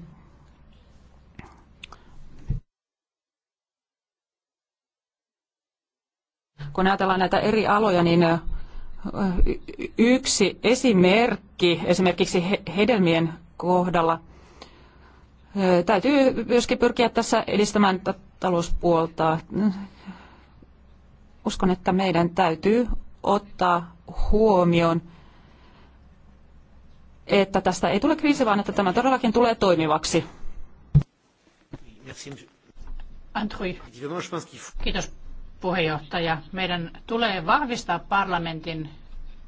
kun ajatellaan näitä eri aloja, niin yksi esimerkki esimerkiksi hedelmien kohdalla – Täytyy myöskin pyrkiä tässä edistämään talouspuolta. Uskon, että meidän täytyy ottaa huomioon, että tästä ei tule kriisi, vaan että tämä todellakin tulee toimivaksi. Kiitos puheenjohtaja. Meidän tulee vahvistaa parlamentin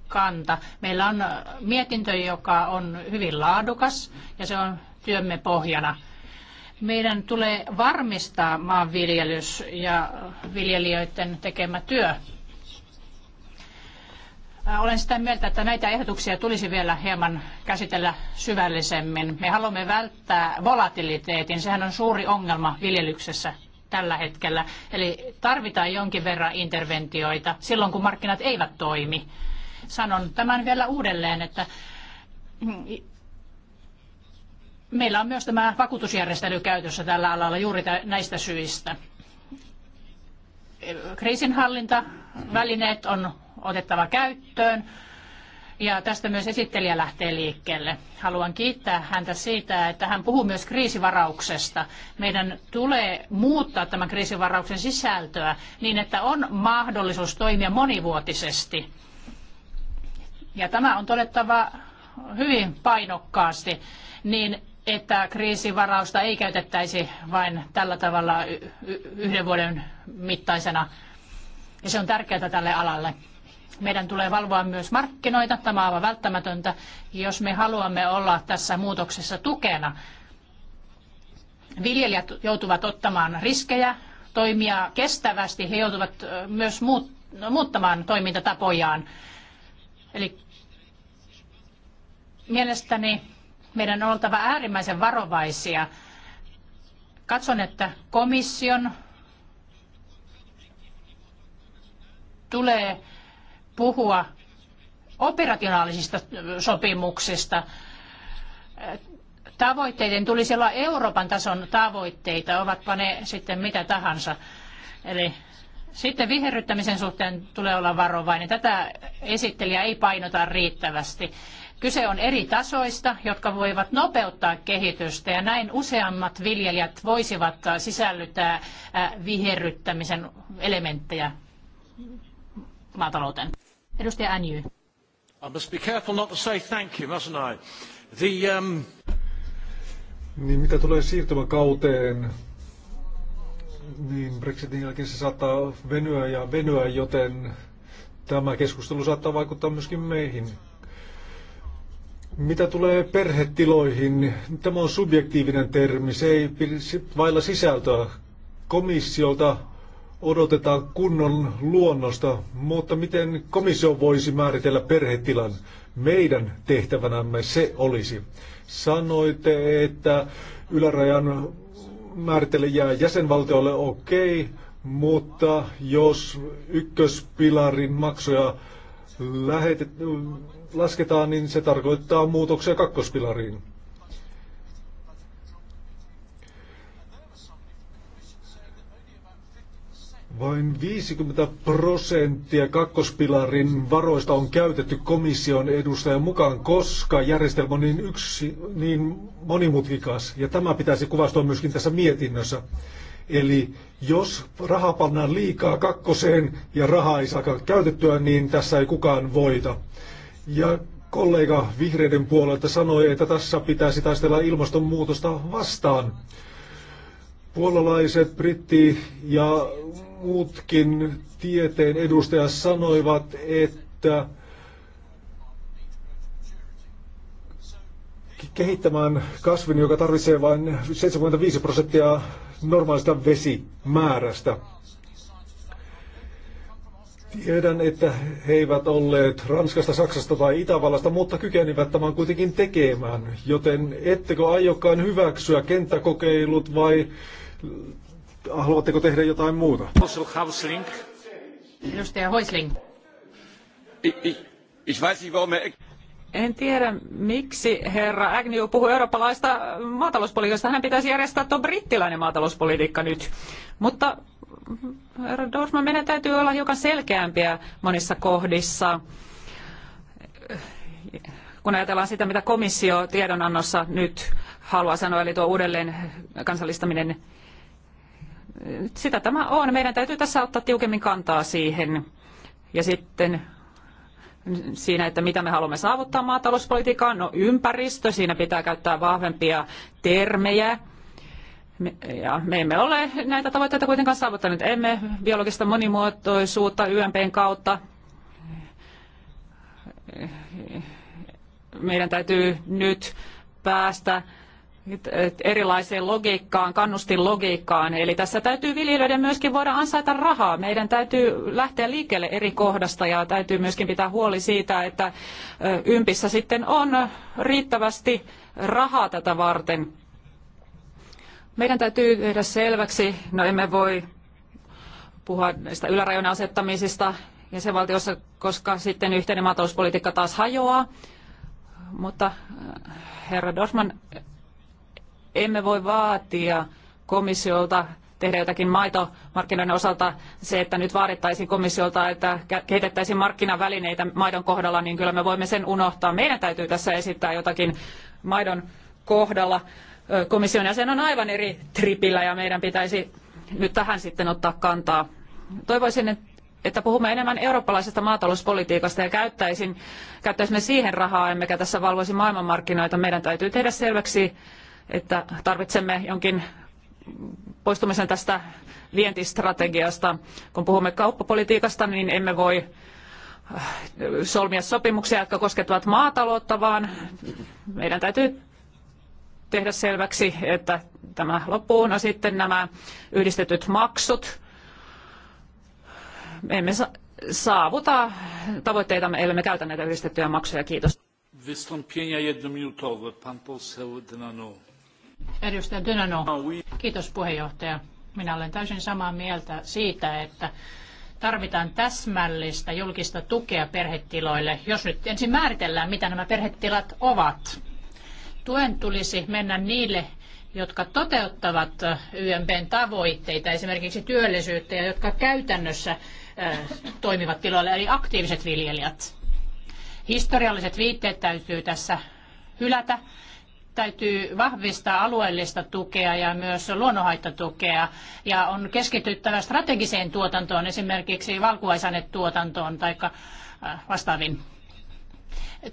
kanta. Meillä on mietintö, joka on hyvin laadukas ja se on työmme pohjana. Meidän tulee varmistaa maanviljelys ja viljelijöiden tekemä työ. Äh, olen sitä mieltä, että näitä ehdotuksia tulisi vielä hieman käsitellä syvällisemmin. Me haluamme välttää volatiliteetin. Sehän on suuri ongelma viljelyksessä tällä hetkellä. Eli tarvitaan jonkin verran interventioita silloin, kun markkinat eivät toimi. Sanon tämän vielä uudelleen, että meillä on myös tämä vakuutusjärjestely käytössä tällä alalla juuri näistä syistä. Kriisinhallintavälineet on otettava käyttöön. Ja tästä myös esittelijä lähtee liikkeelle. Haluan kiittää häntä siitä, että hän puhuu myös kriisivarauksesta. Meidän tulee muuttaa tämän kriisivarauksen sisältöä niin, että on mahdollisuus toimia monivuotisesti ja tämä on todettava hyvin painokkaasti, niin että kriisivarausta ei käytettäisi vain tällä tavalla yhden vuoden mittaisena. Ja se on tärkeää tälle alalle. Meidän tulee valvoa myös markkinoita. Tämä on aivan välttämätöntä, jos me haluamme olla tässä muutoksessa tukena. Viljelijät joutuvat ottamaan riskejä, toimia kestävästi. He joutuvat myös muuttamaan toimintatapojaan. Eli Mielestäni meidän on oltava äärimmäisen varovaisia. Katson, että komission tulee puhua operationaalisista sopimuksista. Tavoitteiden tulisi olla Euroopan tason tavoitteita, ovatpa ne sitten mitä tahansa. Eli sitten viherryttämisen suhteen tulee olla varovainen. Tätä esittelijä ei painota riittävästi. Kyse on eri tasoista, jotka voivat nopeuttaa kehitystä ja näin useammat viljelijät voisivat sisällyttää äh, viherryttämisen elementtejä maatalouteen. Edustaja Anjy. I must be careful not to say thank you, mustn't I? The, um... Niin mitä tulee siirtymäkauteen, niin Brexitin jälkeen se saattaa venyä ja venyä, joten tämä keskustelu saattaa vaikuttaa myöskin meihin. Mitä tulee perhetiloihin, niin tämä on subjektiivinen termi, se ei vailla sisältöä. Komissiolta odotetaan kunnon luonnosta, mutta miten komissio voisi määritellä perhetilan? Meidän tehtävänämme se olisi. Sanoitte, että ylärajan määrittely jää jäsenvaltiolle okei, okay, mutta jos ykköspilarin maksuja lähetet, lasketaan, niin se tarkoittaa muutoksia kakkospilariin. Vain 50 prosenttia kakkospilarin varoista on käytetty komission edustajan mukaan, koska järjestelmä on niin, yksi, niin monimutkikas. Ja tämä pitäisi kuvastua myöskin tässä mietinnössä. Eli jos raha pannaan liikaa kakkoseen ja rahaa ei saa käytettyä, niin tässä ei kukaan voita. Ja kollega vihreiden puolelta sanoi, että tässä pitäisi taistella ilmastonmuutosta vastaan. Puolalaiset, britti ja muutkin tieteen edustajat sanoivat, että kehittämään kasvin, joka tarvitsee vain 75 prosenttia normaalista vesimäärästä. Tiedän, että he eivät olleet Ranskasta, Saksasta tai Itävallasta, mutta kykenivät tämän kuitenkin tekemään. Joten ettekö aiokkaan hyväksyä kenttäkokeilut vai haluatteko tehdä jotain muuta? Edustaja Hoisling. ich weiß nicht, warum er... En tiedä, miksi herra Agnew puhuu eurooppalaista maatalouspolitiikasta. Hän pitäisi järjestää tuo brittiläinen maatalouspolitiikka nyt. Mutta mm, herra Dorfman, meidän täytyy olla hiukan selkeämpiä monissa kohdissa kun ajatellaan sitä, mitä komissio tiedonannossa nyt haluaa sanoa, eli tuo uudelleen kansallistaminen, sitä tämä on. Meidän täytyy tässä ottaa tiukemmin kantaa siihen. Ja sitten siinä, että mitä me haluamme saavuttaa maatalouspolitiikkaan. No ympäristö, siinä pitää käyttää vahvempia termejä. Ja me emme ole näitä tavoitteita kuitenkaan saavuttaneet. Emme biologista monimuotoisuutta YMPn kautta. Meidän täytyy nyt päästä erilaiseen logiikkaan, kannustinlogiikkaan. Eli tässä täytyy viljelijöiden myöskin voida ansaita rahaa. Meidän täytyy lähteä liikkeelle eri kohdasta ja täytyy myöskin pitää huoli siitä, että ympissä sitten on riittävästi rahaa tätä varten. Meidän täytyy tehdä selväksi, no emme voi puhua näistä ylärajojen asettamisista jäsenvaltiossa, koska sitten yhteinen maatalouspolitiikka taas hajoaa. Mutta herra Dorfman, emme voi vaatia komissiolta tehdä jotakin maitomarkkinoiden osalta se, että nyt vaadittaisiin komissiolta, että kehitettäisiin markkinavälineitä maidon kohdalla, niin kyllä me voimme sen unohtaa. Meidän täytyy tässä esittää jotakin maidon kohdalla. Komission jäsen on aivan eri tripillä ja meidän pitäisi nyt tähän sitten ottaa kantaa. Toivoisin, että puhumme enemmän eurooppalaisesta maatalouspolitiikasta ja käyttäisimme siihen rahaa, emmekä tässä valvoisi maailmanmarkkinoita. Meidän täytyy tehdä selväksi että tarvitsemme jonkin poistumisen tästä vientistrategiasta. Kun puhumme kauppapolitiikasta, niin emme voi äh, solmia sopimuksia, jotka koskettavat maataloutta, vaan meidän täytyy tehdä selväksi, että tämä loppuu. No sitten nämä yhdistetyt maksut. Me emme saavuta tavoitteitamme, ellei me käytä näitä yhdistettyjä maksuja. Kiitos. Wystąpienia jednominutowe. Pan poseł Edustaja Dynano, kiitos puheenjohtaja. Minä olen täysin samaa mieltä siitä, että tarvitaan täsmällistä julkista tukea perhetiloille, jos nyt ensin määritellään, mitä nämä perhetilat ovat. Tuen tulisi mennä niille, jotka toteuttavat YMPn tavoitteita, esimerkiksi työllisyyttä, ja jotka käytännössä toimivat tiloilla, eli aktiiviset viljelijät. Historialliset viitteet täytyy tässä hylätä täytyy vahvistaa alueellista tukea ja myös luonnonhaittatukea ja on keskityttävä strategiseen tuotantoon, esimerkiksi valkuaisainetuotantoon tai äh, vastaaviin.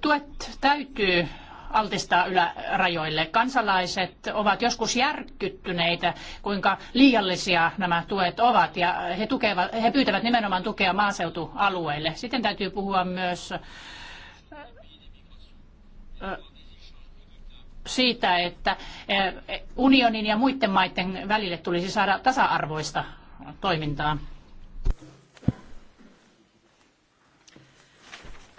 Tuet täytyy altistaa ylärajoille. Kansalaiset ovat joskus järkyttyneitä, kuinka liiallisia nämä tuet ovat, ja he, tukevat, he pyytävät nimenomaan tukea maaseutualueille. Sitten täytyy puhua myös äh, siitä, että eh, unionin ja muiden maiden välille tulisi saada tasa-arvoista toimintaa?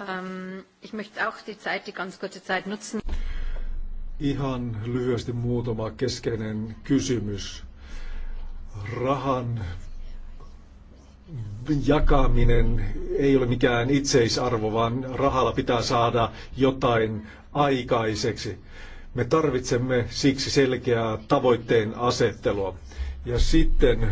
Ähm, ich möchte auch die Zeit, die ganz kurze Zeit nutzen. Ihan lyhyesti muutama keskeinen kysymys. Rahan jakaminen ei ole mikään itseisarvo, vaan rahalla pitää saada jotain aikaiseksi. Me tarvitsemme siksi selkeää tavoitteen asettelua. Ja sitten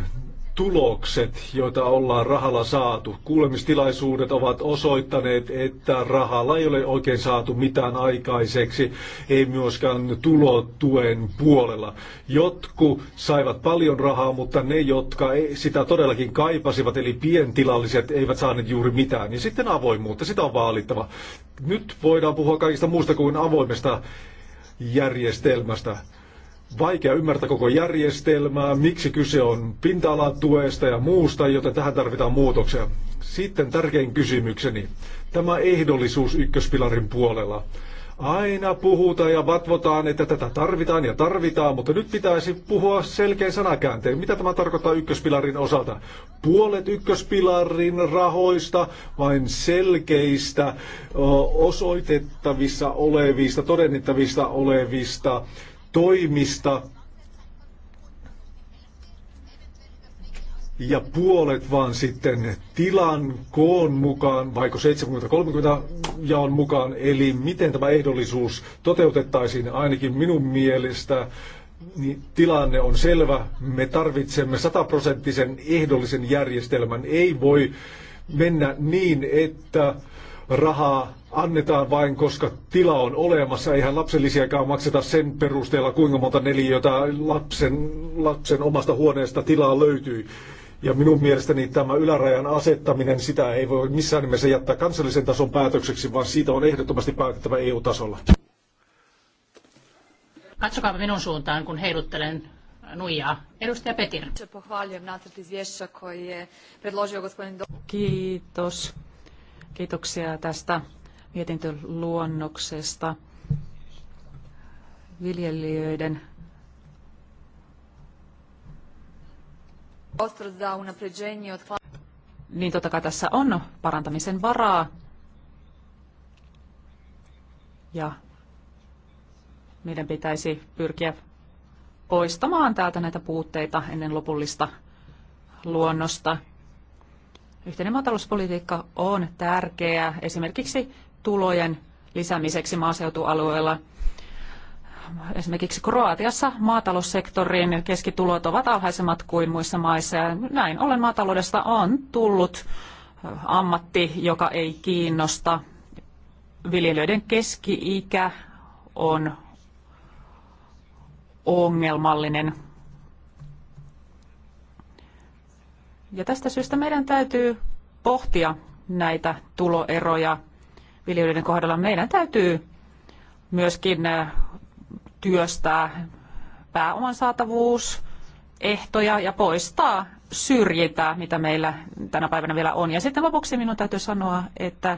tulokset, joita ollaan rahalla saatu. Kuulemistilaisuudet ovat osoittaneet, että rahalla ei ole oikein saatu mitään aikaiseksi, ei myöskään tulotuen puolella. Jotkut saivat paljon rahaa, mutta ne, jotka sitä todellakin kaipasivat, eli pientilalliset, eivät saaneet juuri mitään. Ja sitten avoimuutta, sitä on vaalittava. Nyt voidaan puhua kaikista muusta kuin avoimesta järjestelmästä. Vaikea ymmärtää koko järjestelmää, miksi kyse on pinta tuesta ja muusta, joten tähän tarvitaan muutoksia. Sitten tärkein kysymykseni. Tämä ehdollisuus ykköspilarin puolella. Aina puhutaan ja vatvotaan, että tätä tarvitaan ja tarvitaan, mutta nyt pitäisi puhua selkein sanakäänteen. Mitä tämä tarkoittaa ykköspilarin osalta? Puolet ykköspilarin rahoista, vain selkeistä, osoitettavissa olevista, todennettavissa olevista toimista ja puolet vaan sitten tilan koon mukaan, vaiko 70-30 jaon mukaan, eli miten tämä ehdollisuus toteutettaisiin ainakin minun mielestä, niin tilanne on selvä. Me tarvitsemme sataprosenttisen ehdollisen järjestelmän. Ei voi mennä niin, että rahaa annetaan vain, koska tila on olemassa. Eihän lapsellisiäkään makseta sen perusteella, kuinka monta neliötä lapsen, lapsen omasta huoneesta tilaa löytyy. Ja minun mielestäni tämä ylärajan asettaminen, sitä ei voi missään nimessä jättää kansallisen tason päätökseksi, vaan siitä on ehdottomasti päätettävä EU-tasolla. Katsokaa minun suuntaan, kun heiluttelen nuijaa. Edustaja Petir. Kiitos. Kiitoksia tästä mietintöluonnoksesta. Viljelijöiden Niin totta kai tässä on parantamisen varaa. Ja meidän pitäisi pyrkiä poistamaan täältä näitä puutteita ennen lopullista luonnosta. Yhteinen maatalouspolitiikka on tärkeää esimerkiksi tulojen lisäämiseksi maaseutualueella – esimerkiksi Kroatiassa maataloussektorin keskitulot ovat alhaisemmat kuin muissa maissa. Ja näin ollen maataloudesta on tullut ammatti, joka ei kiinnosta. Viljelijöiden keski-ikä on ongelmallinen. Ja tästä syystä meidän täytyy pohtia näitä tuloeroja viljelijöiden kohdalla. Meidän täytyy myöskin työstää pääoman saatavuus, ehtoja ja poistaa syrjintää, mitä meillä tänä päivänä vielä on. Ja sitten lopuksi minun täytyy sanoa, että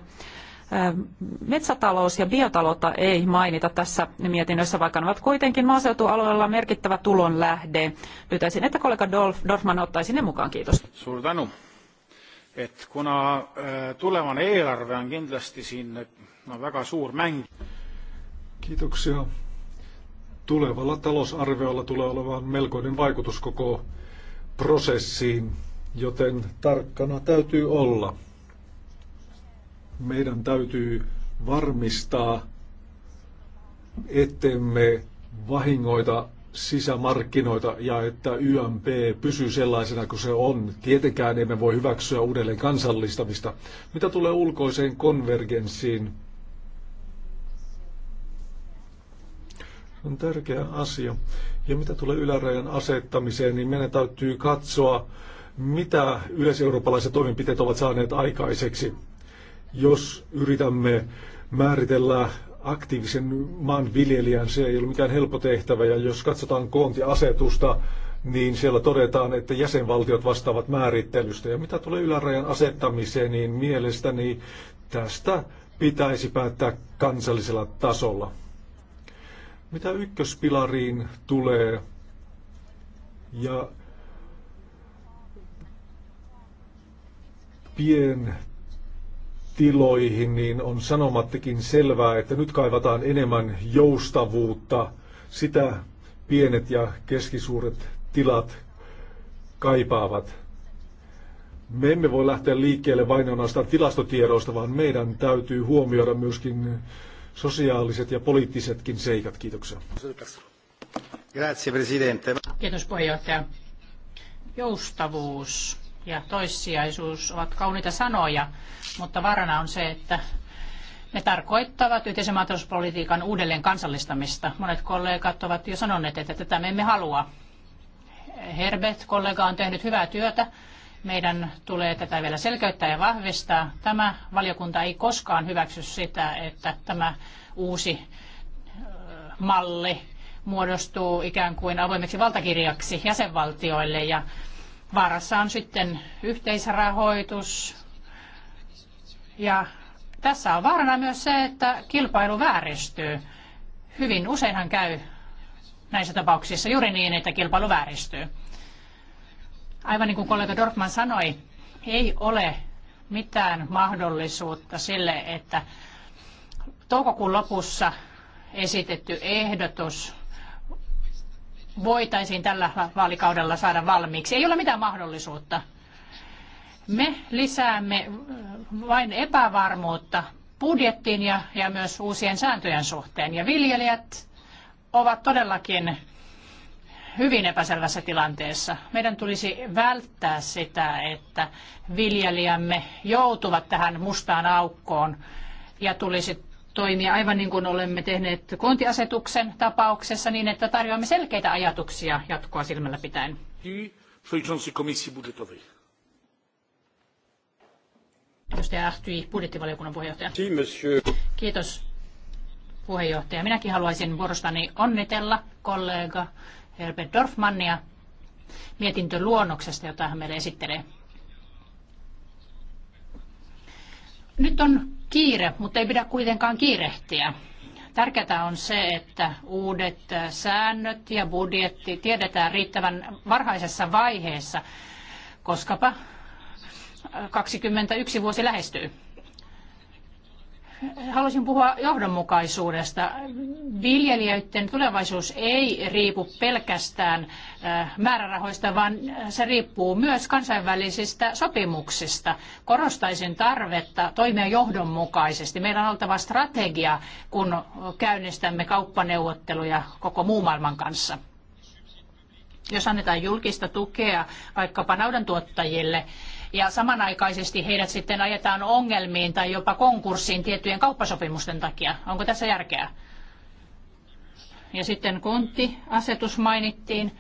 Metsätalous ja biotaloutta ei mainita tässä mietinnössä, vaikka ne ovat kuitenkin maaseutualueella merkittävä tulonlähde. Pyytäisin, että kollega Dolf, Dorfman ottaisi ne mukaan. Kiitos. Suur tänu. Et kuna tulevan eelarve on kindlasti siinä väga suur mäng. Kiitoksia tulevalla talousarviolla tulee olemaan melkoinen vaikutus koko prosessiin, joten tarkkana täytyy olla. Meidän täytyy varmistaa, ettemme vahingoita sisämarkkinoita ja että YMP pysyy sellaisena kuin se on. Tietenkään emme voi hyväksyä uudelleen kansallistamista. Mitä tulee ulkoiseen konvergenssiin, on tärkeä asia. Ja mitä tulee ylärajan asettamiseen, niin meidän täytyy katsoa, mitä yleiseurooppalaiset toimenpiteet ovat saaneet aikaiseksi. Jos yritämme määritellä aktiivisen maanviljelijän, se ei ole mikään helppo tehtävä. Ja jos katsotaan koontiasetusta, niin siellä todetaan, että jäsenvaltiot vastaavat määrittelystä. Ja mitä tulee ylärajan asettamiseen, niin mielestäni tästä pitäisi päättää kansallisella tasolla. Mitä ykköspilariin tulee ja pien tiloihin, niin on sanomattakin selvää, että nyt kaivataan enemmän joustavuutta. Sitä pienet ja keskisuuret tilat kaipaavat. Me emme voi lähteä liikkeelle vain ainoastaan tilastotiedoista, vaan meidän täytyy huomioida myöskin sosiaaliset ja poliittisetkin seikat. Kiitoksia. Grazie, presidente. Kiitos puheenjohtaja. Joustavuus ja toissijaisuus ovat kauniita sanoja, mutta varana on se, että ne tarkoittavat yhteisen maatalouspolitiikan uudelleen kansallistamista. Monet kollegat ovat jo sanoneet, että tätä me emme halua. Herbert, kollega, on tehnyt hyvää työtä meidän tulee tätä vielä selkeyttää ja vahvistaa. Tämä valiokunta ei koskaan hyväksy sitä, että tämä uusi malli muodostuu ikään kuin avoimeksi valtakirjaksi jäsenvaltioille ja vaarassa on sitten yhteisrahoitus. Ja tässä on vaarana myös se, että kilpailu vääristyy. Hyvin useinhan käy näissä tapauksissa juuri niin, että kilpailu vääristyy. Aivan niin kuin kollega Dorfman sanoi, ei ole mitään mahdollisuutta sille, että toukokuun lopussa esitetty ehdotus voitaisiin tällä vaalikaudella saada valmiiksi. Ei ole mitään mahdollisuutta. Me lisäämme vain epävarmuutta budjettiin ja, ja myös uusien sääntöjen suhteen. Ja viljelijät ovat todellakin hyvin epäselvässä tilanteessa. Meidän tulisi välttää sitä, että viljelijämme joutuvat tähän mustaan aukkoon ja tulisi toimia aivan niin kuin olemme tehneet kontiasetuksen tapauksessa niin, että tarjoamme selkeitä ajatuksia jatkoa silmällä pitäen. Edustaja Ahtyi, budjettivaliokunnan puheenjohtaja. Kiitos puheenjohtaja. Minäkin haluaisin vuorostani onnitella kollega Herbert Dorfmannia mietintöluonnoksesta, jota hän meille esittelee. Nyt on kiire, mutta ei pidä kuitenkaan kiirehtiä. Tärkeää on se, että uudet säännöt ja budjetti tiedetään riittävän varhaisessa vaiheessa, koskapa 21 vuosi lähestyy haluaisin puhua johdonmukaisuudesta. Viljelijöiden tulevaisuus ei riipu pelkästään äh, määrärahoista, vaan se riippuu myös kansainvälisistä sopimuksista. Korostaisin tarvetta toimia johdonmukaisesti. Meillä on oltava strategia, kun käynnistämme kauppaneuvotteluja koko muun maailman kanssa. Jos annetaan julkista tukea vaikkapa naudantuottajille, tuottajille, ja samanaikaisesti heidät sitten ajetaan ongelmiin tai jopa konkurssiin tiettyjen kauppasopimusten takia. Onko tässä järkeä? Ja sitten konttiasetus mainittiin.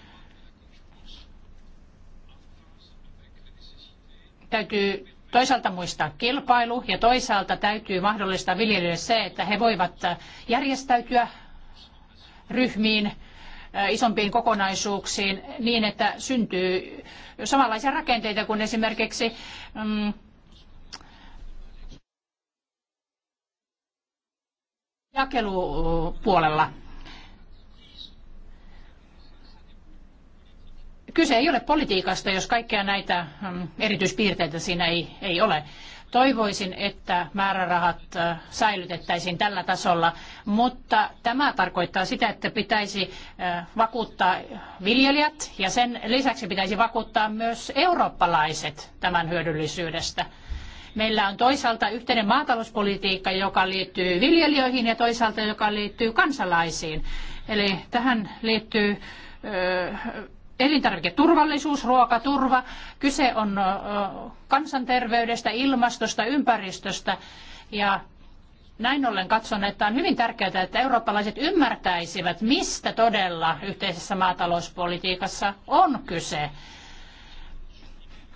Täytyy toisaalta muistaa kilpailu ja toisaalta täytyy mahdollistaa viljelijöille se, että he voivat järjestäytyä ryhmiin isompiin kokonaisuuksiin niin, että syntyy samanlaisia rakenteita kuin esimerkiksi mm, jakelupuolella. Kyse ei ole politiikasta, jos kaikkea näitä mm, erityispiirteitä siinä ei, ei ole. Toivoisin, että määrärahat äh, säilytettäisiin tällä tasolla, mutta tämä tarkoittaa sitä, että pitäisi äh, vakuuttaa viljelijät ja sen lisäksi pitäisi vakuuttaa myös eurooppalaiset tämän hyödyllisyydestä. Meillä on toisaalta yhteinen maatalouspolitiikka, joka liittyy viljelijöihin ja toisaalta joka liittyy kansalaisiin. Eli tähän liittyy äh, elintarviketurvallisuus, ruokaturva. Kyse on kansanterveydestä, ilmastosta, ympäristöstä ja näin ollen katson, että on hyvin tärkeää, että eurooppalaiset ymmärtäisivät, mistä todella yhteisessä maatalouspolitiikassa on kyse.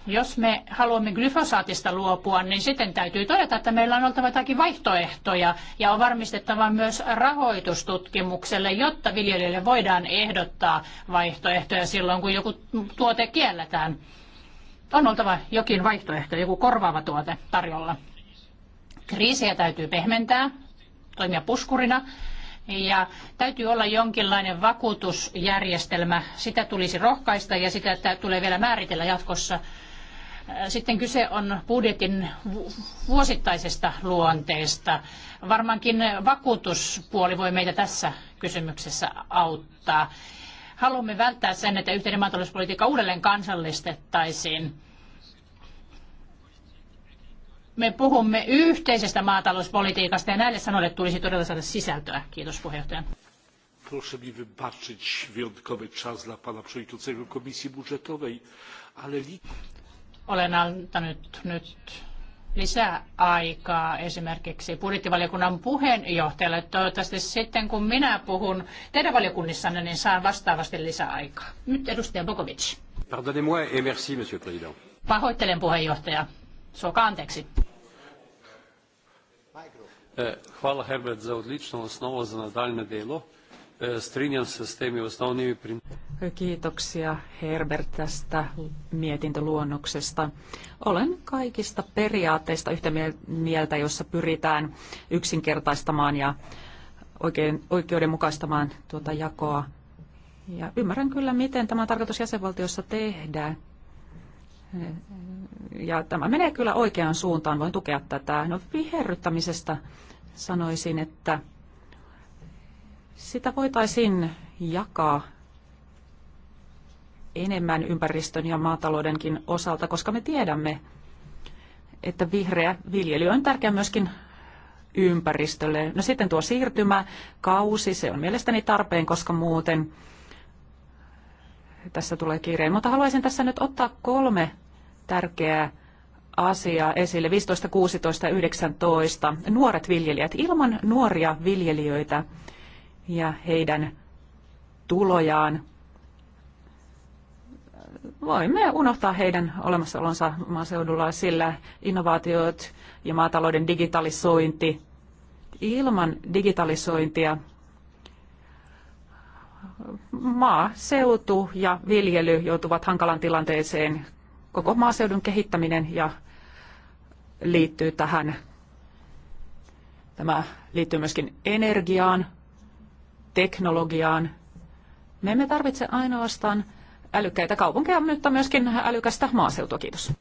Jos me haluamme glyfosaatista luopua, niin sitten täytyy todeta, että meillä on oltava jotakin vaihtoehtoja ja on varmistettava myös rahoitustutkimukselle, jotta viljelijöille voidaan ehdottaa vaihtoehtoja silloin, kun joku tuote kielletään. On oltava jokin vaihtoehto, joku korvaava tuote tarjolla. Kriisiä täytyy pehmentää, toimia puskurina. Ja täytyy olla jonkinlainen vakuutusjärjestelmä. Sitä tulisi rohkaista ja sitä tulee vielä määritellä jatkossa. Sitten kyse on budjetin vuosittaisesta luonteesta. Varmaankin vakuutuspuoli voi meitä tässä kysymyksessä auttaa. Haluamme välttää sen, että yhteinen maatalouspolitiikka uudelleen kansallistettaisiin. Me puhumme yhteisestä maatalouspolitiikasta ja näille sanoille tulisi todella saada sisältöä. Kiitos puheenjohtaja. Proszę mi wybaczyć wyjątkowy czas dla pana przewodniczącego Komisji Budżetowej, ale... Olen antanut nyt lisää aikaa esimerkiksi budjettivaliokunnan puheenjohtajalle. Toivottavasti sitten kun minä puhun teidän valiokunnissanne, niin saan vastaavasti lisää aikaa. Nyt edustaja Bokovic. Pardonnez-moi et merci, monsieur président. Pahoittelen puheenjohtaja. Suoka anteeksi. Eh, hvala Herbert za odlično osnovo za nadaljne delo se s temi osnovnimi Kiitoksia Herbert tästä mietintöluonnoksesta. Olen kaikista periaatteista yhtä mieltä, jossa pyritään yksinkertaistamaan ja oikein, oikeudenmukaistamaan tuota jakoa. Ja ymmärrän kyllä, miten tämä tarkoitus jäsenvaltiossa tehdään. Ja tämä menee kyllä oikeaan suuntaan, voin tukea tätä. No viherryttämisestä sanoisin, että sitä voitaisiin jakaa enemmän ympäristön ja maataloudenkin osalta, koska me tiedämme, että vihreä viljely on tärkeä myöskin ympäristölle. No sitten tuo kausi se on mielestäni tarpeen, koska muuten tässä tulee kiireen. Mutta haluaisin tässä nyt ottaa kolme tärkeää asiaa esille. 15, 16, 19. Nuoret viljelijät. Ilman nuoria viljelijöitä ja heidän tulojaan. Voimme unohtaa heidän olemassaolonsa maaseudulla, sillä innovaatiot ja maatalouden digitalisointi ilman digitalisointia maaseutu ja viljely joutuvat hankalan tilanteeseen. Koko maaseudun kehittäminen ja liittyy tähän. Tämä liittyy myöskin energiaan, teknologiaan. Me emme tarvitse ainoastaan älykkäitä kaupunkeja, mutta myöskin älykästä maaseutua. Kiitos.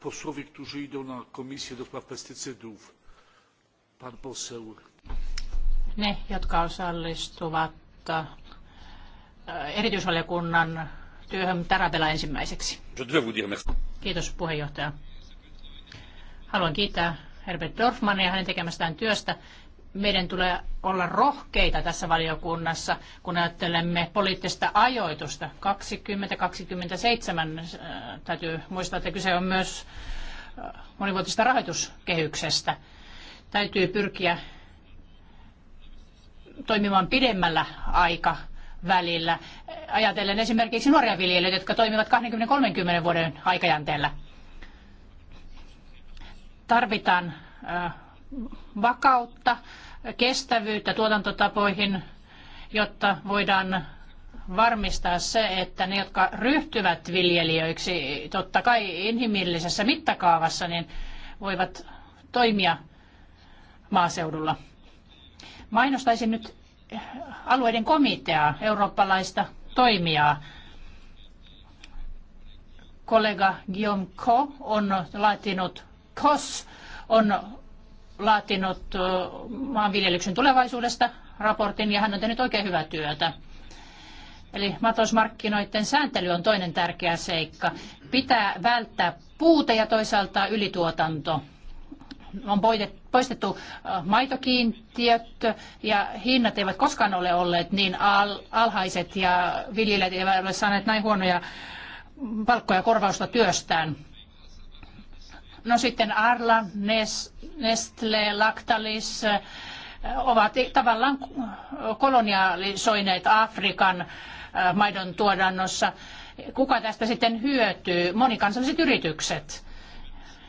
Posłowie, którzy idą na komisję do spraw pestycydów. Pan poseł. Ne, jotka osallistuvat äh, erityisvaliokunnan työhön Tarabella ensimmäiseksi. Kiitos puheenjohtaja. Haluan kiittää Herbert Dorfmania hänen tekemästään työstä meidän tulee olla rohkeita tässä valiokunnassa, kun ajattelemme poliittista ajoitusta. 2027 äh, täytyy muistaa, että kyse on myös äh, monivuotisesta rahoituskehyksestä. Täytyy pyrkiä toimimaan pidemmällä aika välillä. Äh, ajatellen esimerkiksi nuoria viljelijöitä, jotka toimivat 20-30 vuoden aikajänteellä. Tarvitaan vakautta, kestävyyttä tuotantotapoihin, jotta voidaan varmistaa se, että ne, jotka ryhtyvät viljelijöiksi, totta kai inhimillisessä mittakaavassa, niin voivat toimia maaseudulla. Mainostaisin nyt alueiden komiteaa, eurooppalaista toimijaa. Kollega Guillaume Co on laatinut COS, on laatinut maanviljelyksen tulevaisuudesta raportin ja hän on tehnyt oikein hyvää työtä. Eli matosmarkkinoiden sääntely on toinen tärkeä seikka. Pitää välttää puute ja toisaalta ylituotanto. On poistettu maitokiintiöt ja hinnat eivät koskaan ole olleet niin alhaiset ja viljelijät eivät ole saaneet näin huonoja palkkoja korvausta työstään. No sitten Arla, Nes, Nestle, Lactalis ovat tavallaan kolonialisoineet Afrikan maidon tuotannossa. Kuka tästä sitten hyötyy? Monikansalliset yritykset.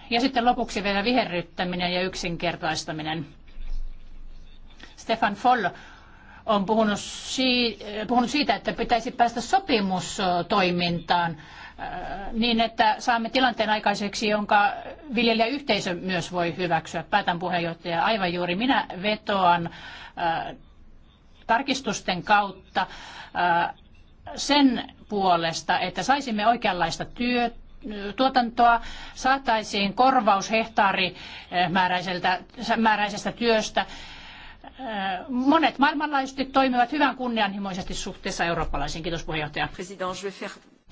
Ja sitten lopuksi vielä viherryttäminen ja yksinkertaistaminen. Stefan Foll on puhunut, siitä, että pitäisi päästä sopimustoimintaan niin, että saamme tilanteen aikaiseksi, jonka viljelijäyhteisö myös voi hyväksyä. Päätän puheenjohtaja aivan juuri. Minä vetoan tarkistusten kautta sen puolesta, että saisimme oikeanlaista työtä tuotantoa saataisiin korvaus määräisestä työstä. Monet maailmanlaajuisesti toimivat hyvän kunnianhimoisesti suhteessa eurooppalaisiin. Kiitos puheenjohtaja.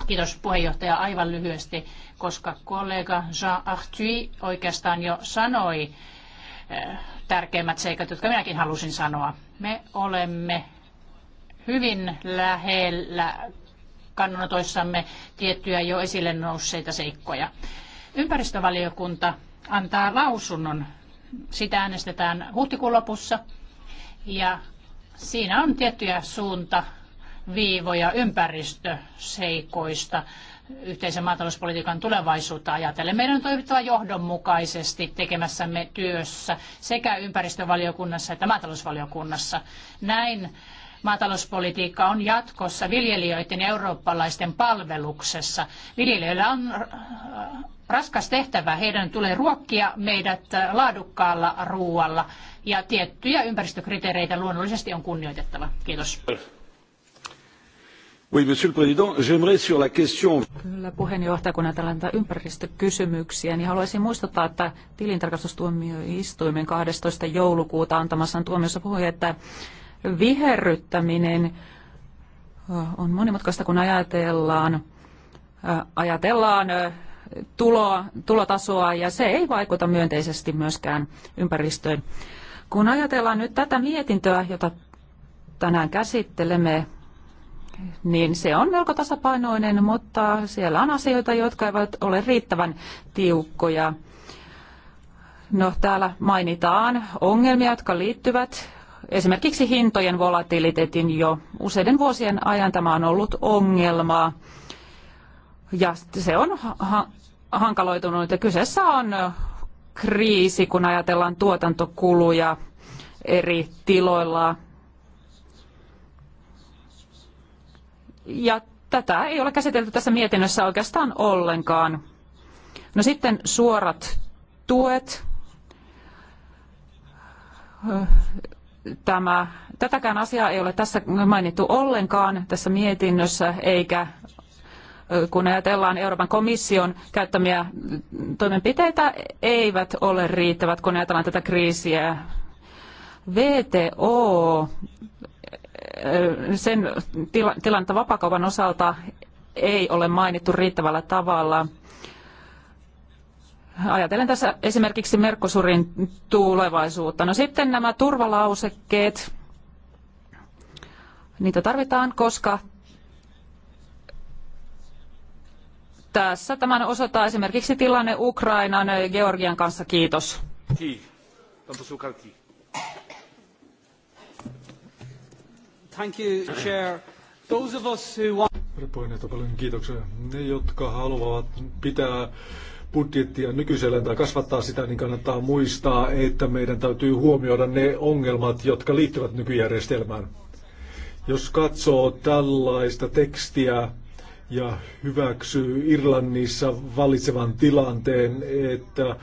Kiitos puheenjohtaja aivan lyhyesti, koska kollega Jean Arthuy oikeastaan jo sanoi eh, tärkeimmät seikat, jotka minäkin halusin sanoa. Me olemme hyvin lähellä kannanotoissamme tiettyjä jo esille nousseita seikkoja. Ympäristövaliokunta antaa lausunnon. Sitä äänestetään huhtikuun lopussa ja siinä on tiettyjä suunta viivoja ympäristöseikoista yhteisen maatalouspolitiikan tulevaisuutta ajatellen. Meidän on toimittava johdonmukaisesti tekemässämme työssä sekä ympäristövaliokunnassa että maatalousvaliokunnassa. Näin maatalouspolitiikka on jatkossa viljelijöiden ja eurooppalaisten palveluksessa. Viljelijöillä on raskas tehtävä. Heidän tulee ruokkia meidät laadukkaalla ruoalla ja tiettyjä ympäristökriteereitä luonnollisesti on kunnioitettava. Kiitos monsieur le président, j'aimerais sur la question... Kyllä puheenjohtaja, kun ajatellaan ympäristökysymyksiä, niin haluaisin muistuttaa, että tilintarkastustuomioistuimen 12. joulukuuta antamassaan tuomiossa puhui, että viherryttäminen on monimutkaista, kun ajatellaan, ajatellaan tuloa, tulotasoa ja se ei vaikuta myönteisesti myöskään ympäristöön. Kun ajatellaan nyt tätä mietintöä, jota tänään käsittelemme, niin se on melko tasapainoinen, mutta siellä on asioita, jotka eivät ole riittävän tiukkoja. No, täällä mainitaan ongelmia, jotka liittyvät esimerkiksi hintojen volatiliteetin jo useiden vuosien ajan tämä on ollut ongelma. Ja se on ha- hankaloitunut ja kyseessä on kriisi, kun ajatellaan tuotantokuluja eri tiloilla Ja tätä ei ole käsitelty tässä mietinnössä oikeastaan ollenkaan. No sitten suorat tuet. Tämä, tätäkään asiaa ei ole tässä mainittu ollenkaan tässä mietinnössä, eikä kun ajatellaan Euroopan komission käyttämiä toimenpiteitä, eivät ole riittävät, kun ajatellaan tätä kriisiä. VTO sen tila, tilannetta vapakaupan osalta ei ole mainittu riittävällä tavalla. Ajatellen tässä esimerkiksi Merkosurin tulevaisuutta. No sitten nämä turvalausekkeet, niitä tarvitaan, koska tässä tämän osoittaa esimerkiksi tilanne Ukrainan ja Georgian kanssa. Kiitos. Kiitos. Thank you, Chair. Those of us who want... puheenjohtaja, paljon kiitoksia. Ne, jotka haluavat pitää budjettia nykyisellään tai kasvattaa sitä, niin kannattaa muistaa, että meidän täytyy huomioida ne ongelmat, jotka liittyvät nykyjärjestelmään. Jos katsoo tällaista tekstiä ja hyväksyy Irlannissa valitsevan tilanteen, että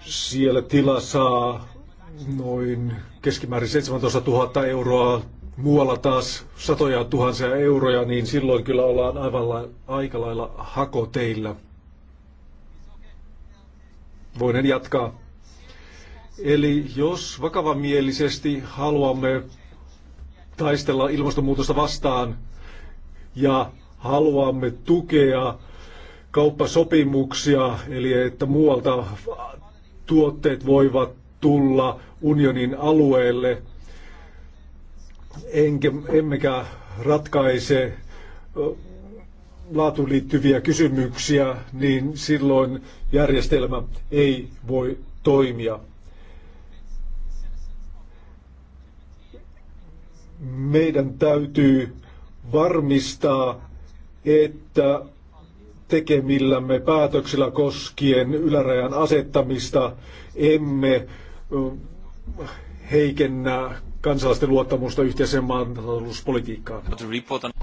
siellä tila saa noin keskimäärin 17 000 euroa, muualla taas satoja tuhansia euroja, niin silloin kyllä ollaan aivan la- aika lailla hakoteillä. Voinen jatkaa. Eli jos vakavamielisesti haluamme taistella ilmastonmuutosta vastaan ja haluamme tukea kauppasopimuksia, eli että muualta tuotteet voivat tulla unionin alueelle, enkä, emmekä ratkaise laatuun liittyviä kysymyksiä, niin silloin järjestelmä ei voi toimia. Meidän täytyy varmistaa, että tekemillämme päätöksillä koskien ylärajan asettamista emme heikennä kansalaisten luottamusta yhteiseen maatalouspolitiikkaan.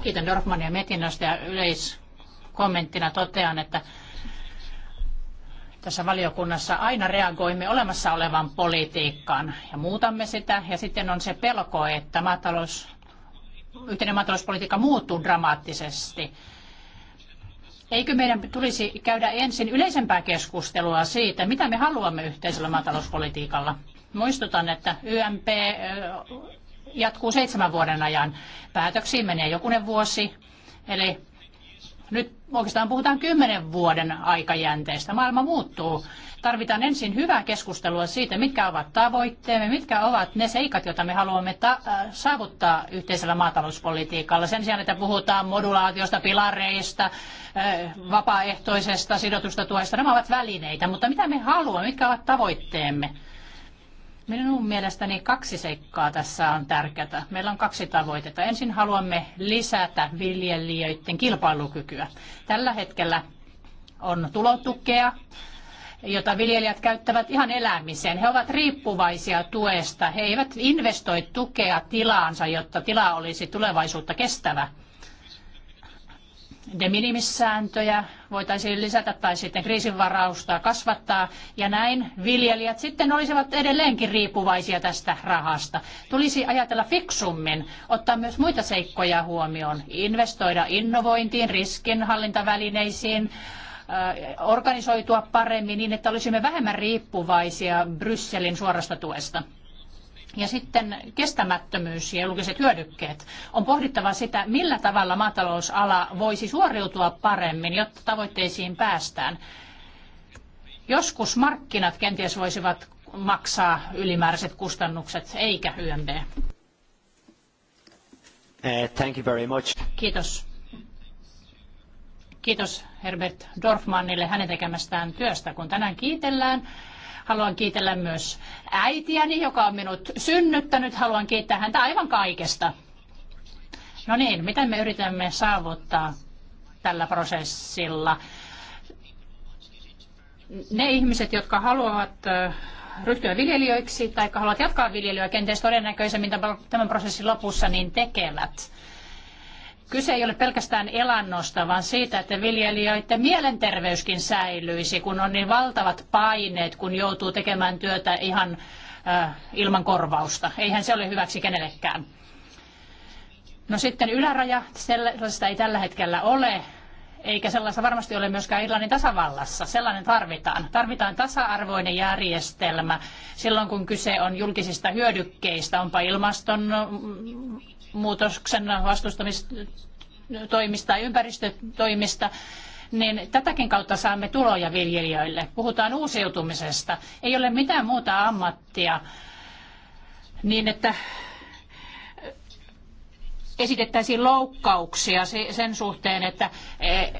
Kiitän Dorfmania mietinnöstä ja yleiskommenttina totean, että tässä valiokunnassa aina reagoimme olemassa olevan politiikkaan ja muutamme sitä. Ja sitten on se pelko, että maatalous, yhteinen maatalouspolitiikka muuttuu dramaattisesti. Eikö meidän tulisi käydä ensin yleisempää keskustelua siitä, mitä me haluamme yhteisellä maatalouspolitiikalla? Muistutan, että YMP jatkuu seitsemän vuoden ajan. Päätöksiin menee jokunen vuosi. Eli nyt oikeastaan puhutaan kymmenen vuoden aikajänteestä. Maailma muuttuu tarvitaan ensin hyvää keskustelua siitä, mitkä ovat tavoitteemme, mitkä ovat ne seikat, joita me haluamme äh, saavuttaa yhteisellä maatalouspolitiikalla. Sen sijaan, että puhutaan modulaatiosta, pilareista, äh, vapaaehtoisesta sidotusta tuesta, nämä ovat välineitä, mutta mitä me haluamme, mitkä ovat tavoitteemme? Minun mielestäni kaksi seikkaa tässä on tärkeää. Meillä on kaksi tavoitetta. Ensin haluamme lisätä viljelijöiden kilpailukykyä. Tällä hetkellä on tulotukea, jota viljelijät käyttävät ihan elämiseen. He ovat riippuvaisia tuesta. He eivät investoi tukea tilaansa, jotta tila olisi tulevaisuutta kestävä. De minimissääntöjä voitaisiin lisätä tai sitten kriisinvarausta kasvattaa ja näin viljelijät sitten olisivat edelleenkin riippuvaisia tästä rahasta. Tulisi ajatella fiksummin, ottaa myös muita seikkoja huomioon, investoida innovointiin, riskinhallintavälineisiin, organisoitua paremmin niin, että olisimme vähemmän riippuvaisia Brysselin suorasta tuesta. Ja sitten kestämättömyys ja julkiset hyödykkeet. On pohdittava sitä, millä tavalla maatalousala voisi suoriutua paremmin, jotta tavoitteisiin päästään. Joskus markkinat kenties voisivat maksaa ylimääräiset kustannukset, eikä YMD. Eh, thank you very much. Kiitos. Kiitos Herbert Dorfmannille hänen tekemästään työstä, kun tänään kiitellään. Haluan kiitellä myös äitiäni, joka on minut synnyttänyt. Haluan kiittää häntä aivan kaikesta. No niin, mitä me yritämme saavuttaa tällä prosessilla? Ne ihmiset, jotka haluavat ryhtyä viljelijöiksi tai haluavat jatkaa viljelyä, kenties todennäköisemmin tämän prosessin lopussa, niin tekevät Kyse ei ole pelkästään elannosta, vaan siitä, että viljelijöiden mielenterveyskin säilyisi, kun on niin valtavat paineet, kun joutuu tekemään työtä ihan äh, ilman korvausta. Eihän se ole hyväksi kenellekään. No sitten yläraja, sellaista ei tällä hetkellä ole, eikä sellaista varmasti ole myöskään Irlannin tasavallassa. Sellainen tarvitaan. Tarvitaan tasa-arvoinen järjestelmä silloin, kun kyse on julkisista hyödykkeistä, onpa ilmaston ilmastonmuutoksen vastustamistoimista tai ympäristötoimista, niin tätäkin kautta saamme tuloja viljelijöille. Puhutaan uusiutumisesta. Ei ole mitään muuta ammattia niin, että esitettäisiin loukkauksia sen suhteen, että eh,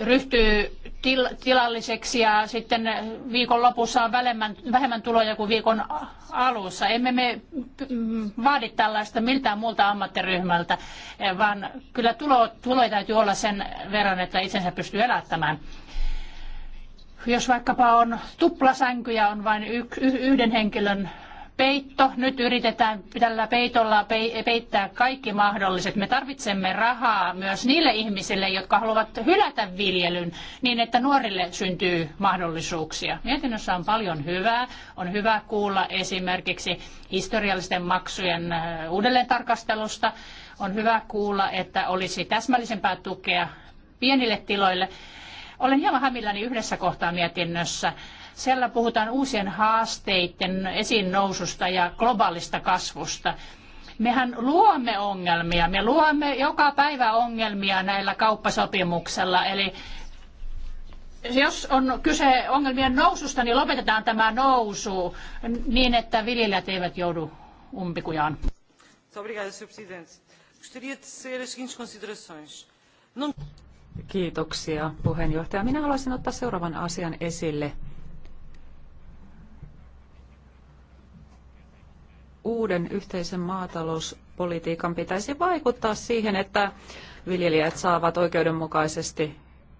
ryhtyy til, tilalliseksi ja sitten viikon lopussa on vähemmän, vähemmän tuloja kuin viikon alussa. Emme me vaadi tällaista miltään muulta ammattiryhmältä, e, vaan kyllä tulo, tuloja täytyy olla sen verran, että itsensä pystyy elättämään. Jos vaikkapa on tuplasänky ja on vain yhden henkilön peitto. Nyt yritetään tällä peitolla peittää kaikki mahdolliset. Me tarvitsemme rahaa myös niille ihmisille, jotka haluavat hylätä viljelyn niin, että nuorille syntyy mahdollisuuksia. Mietinnössä on paljon hyvää. On hyvä kuulla esimerkiksi historiallisten maksujen äh, uudelleen tarkastelusta. On hyvä kuulla, että olisi täsmällisempää tukea pienille tiloille. Olen hieman hämilläni yhdessä kohtaa mietinnössä siellä puhutaan uusien haasteiden esiin noususta ja globaalista kasvusta. Mehän luomme ongelmia. Me luomme joka päivä ongelmia näillä kauppasopimuksella. Eli jos on kyse ongelmien noususta, niin lopetetaan tämä nousu niin, että viljelijät eivät joudu umpikujaan. Kiitoksia puheenjohtaja. Minä haluaisin ottaa seuraavan asian esille. uuden yhteisen maatalouspolitiikan pitäisi vaikuttaa siihen, että viljelijät saavat oikeudenmukaisesti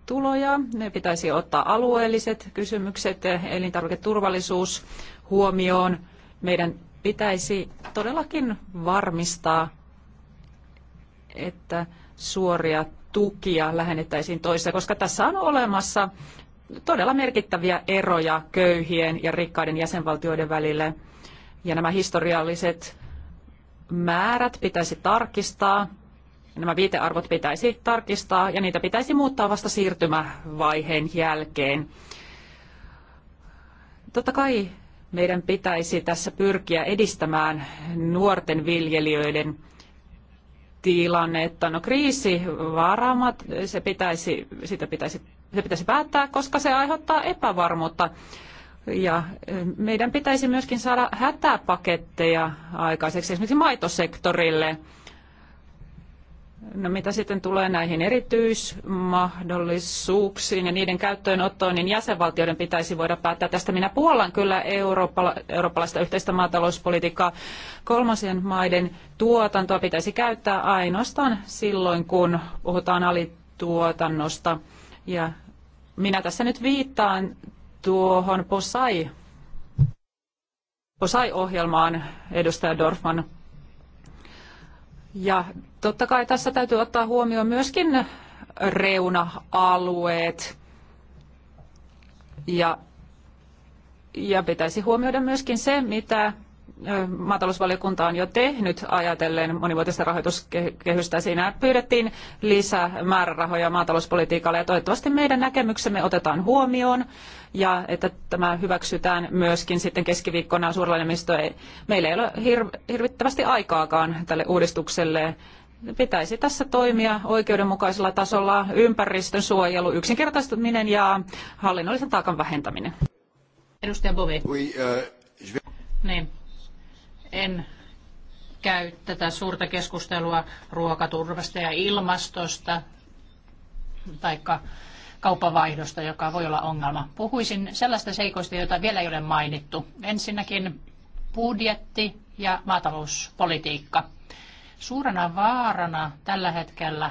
tuloja. Ne pitäisi ottaa alueelliset kysymykset, elintarviketurvallisuus huomioon. Meidän pitäisi todellakin varmistaa, että suoria tukia lähennettäisiin toista, koska tässä on olemassa todella merkittäviä eroja köyhien ja rikkaiden jäsenvaltioiden välille ja nämä historialliset määrät pitäisi tarkistaa, nämä viitearvot pitäisi tarkistaa ja niitä pitäisi muuttaa vasta siirtymävaiheen jälkeen. Totta kai meidän pitäisi tässä pyrkiä edistämään nuorten viljelijöiden tilannetta. No varamat, se pitäisi, sitä pitäisi, se pitäisi päättää, koska se aiheuttaa epävarmuutta ja e, meidän pitäisi myöskin saada hätäpaketteja aikaiseksi esimerkiksi maitosektorille. No mitä sitten tulee näihin erityismahdollisuuksiin ja niiden käyttöönottoon, niin jäsenvaltioiden pitäisi voida päättää tästä. Minä puolan kyllä eurooppala- eurooppalaista yhteistä maatalouspolitiikkaa. Kolmansien maiden tuotantoa pitäisi käyttää ainoastaan silloin, kun puhutaan alituotannosta. Ja minä tässä nyt viittaan tuohon POSAI, POSAI-ohjelmaan, edustaja Dorfman. Ja totta kai tässä täytyy ottaa huomioon myöskin reuna-alueet. Ja, ja pitäisi huomioida myöskin se, mitä maatalousvaliokunta on jo tehnyt ajatellen monivuotista rahoituskehystä. Siinä pyydettiin lisää määrärahoja maatalouspolitiikalle ja toivottavasti meidän näkemyksemme otetaan huomioon ja että tämä hyväksytään myöskin sitten keskiviikkona suurella enemmistö. Meillä ei ole hirvittävästi aikaakaan tälle uudistukselle pitäisi tässä toimia oikeudenmukaisella tasolla ympäristön suojelu, yksinkertaistuminen ja hallinnollisen taakan vähentäminen. Edustaja Bove. Oui, uh... Niin. En käy tätä suurta keskustelua ruokaturvasta ja ilmastosta tai kauppavaihdosta, joka voi olla ongelma. Puhuisin sellaista seikoista, joita vielä ei ole mainittu. Ensinnäkin budjetti ja maatalouspolitiikka. Suurena vaarana tällä hetkellä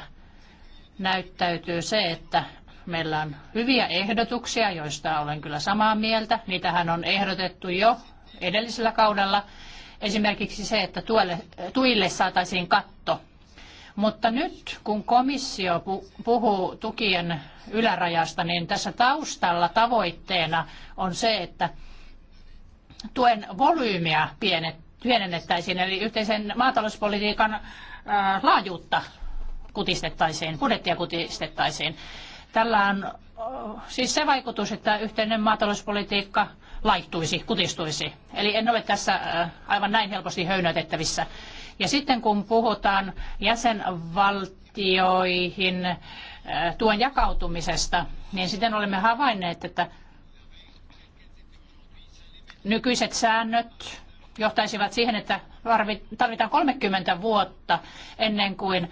näyttäytyy se, että meillä on hyviä ehdotuksia, joista olen kyllä samaa mieltä. Niitähän on ehdotettu jo edellisellä kaudella. Esimerkiksi se, että tuelle, tuille saataisiin katto. Mutta nyt kun komissio puhuu tukien ylärajasta, niin tässä taustalla tavoitteena on se, että tuen volyymiä pienennettäisiin, eli yhteisen maatalouspolitiikan äh, laajuutta kutistettaisiin, budjettia kutistettaisiin. Tällä on äh, siis se vaikutus, että yhteinen maatalouspolitiikka laittuisi, kutistuisi. Eli en ole tässä aivan näin helposti höynäytettävissä. Ja sitten kun puhutaan jäsenvaltioihin tuen jakautumisesta, niin sitten olemme havainneet, että nykyiset säännöt johtaisivat siihen, että tarvitaan 30 vuotta ennen kuin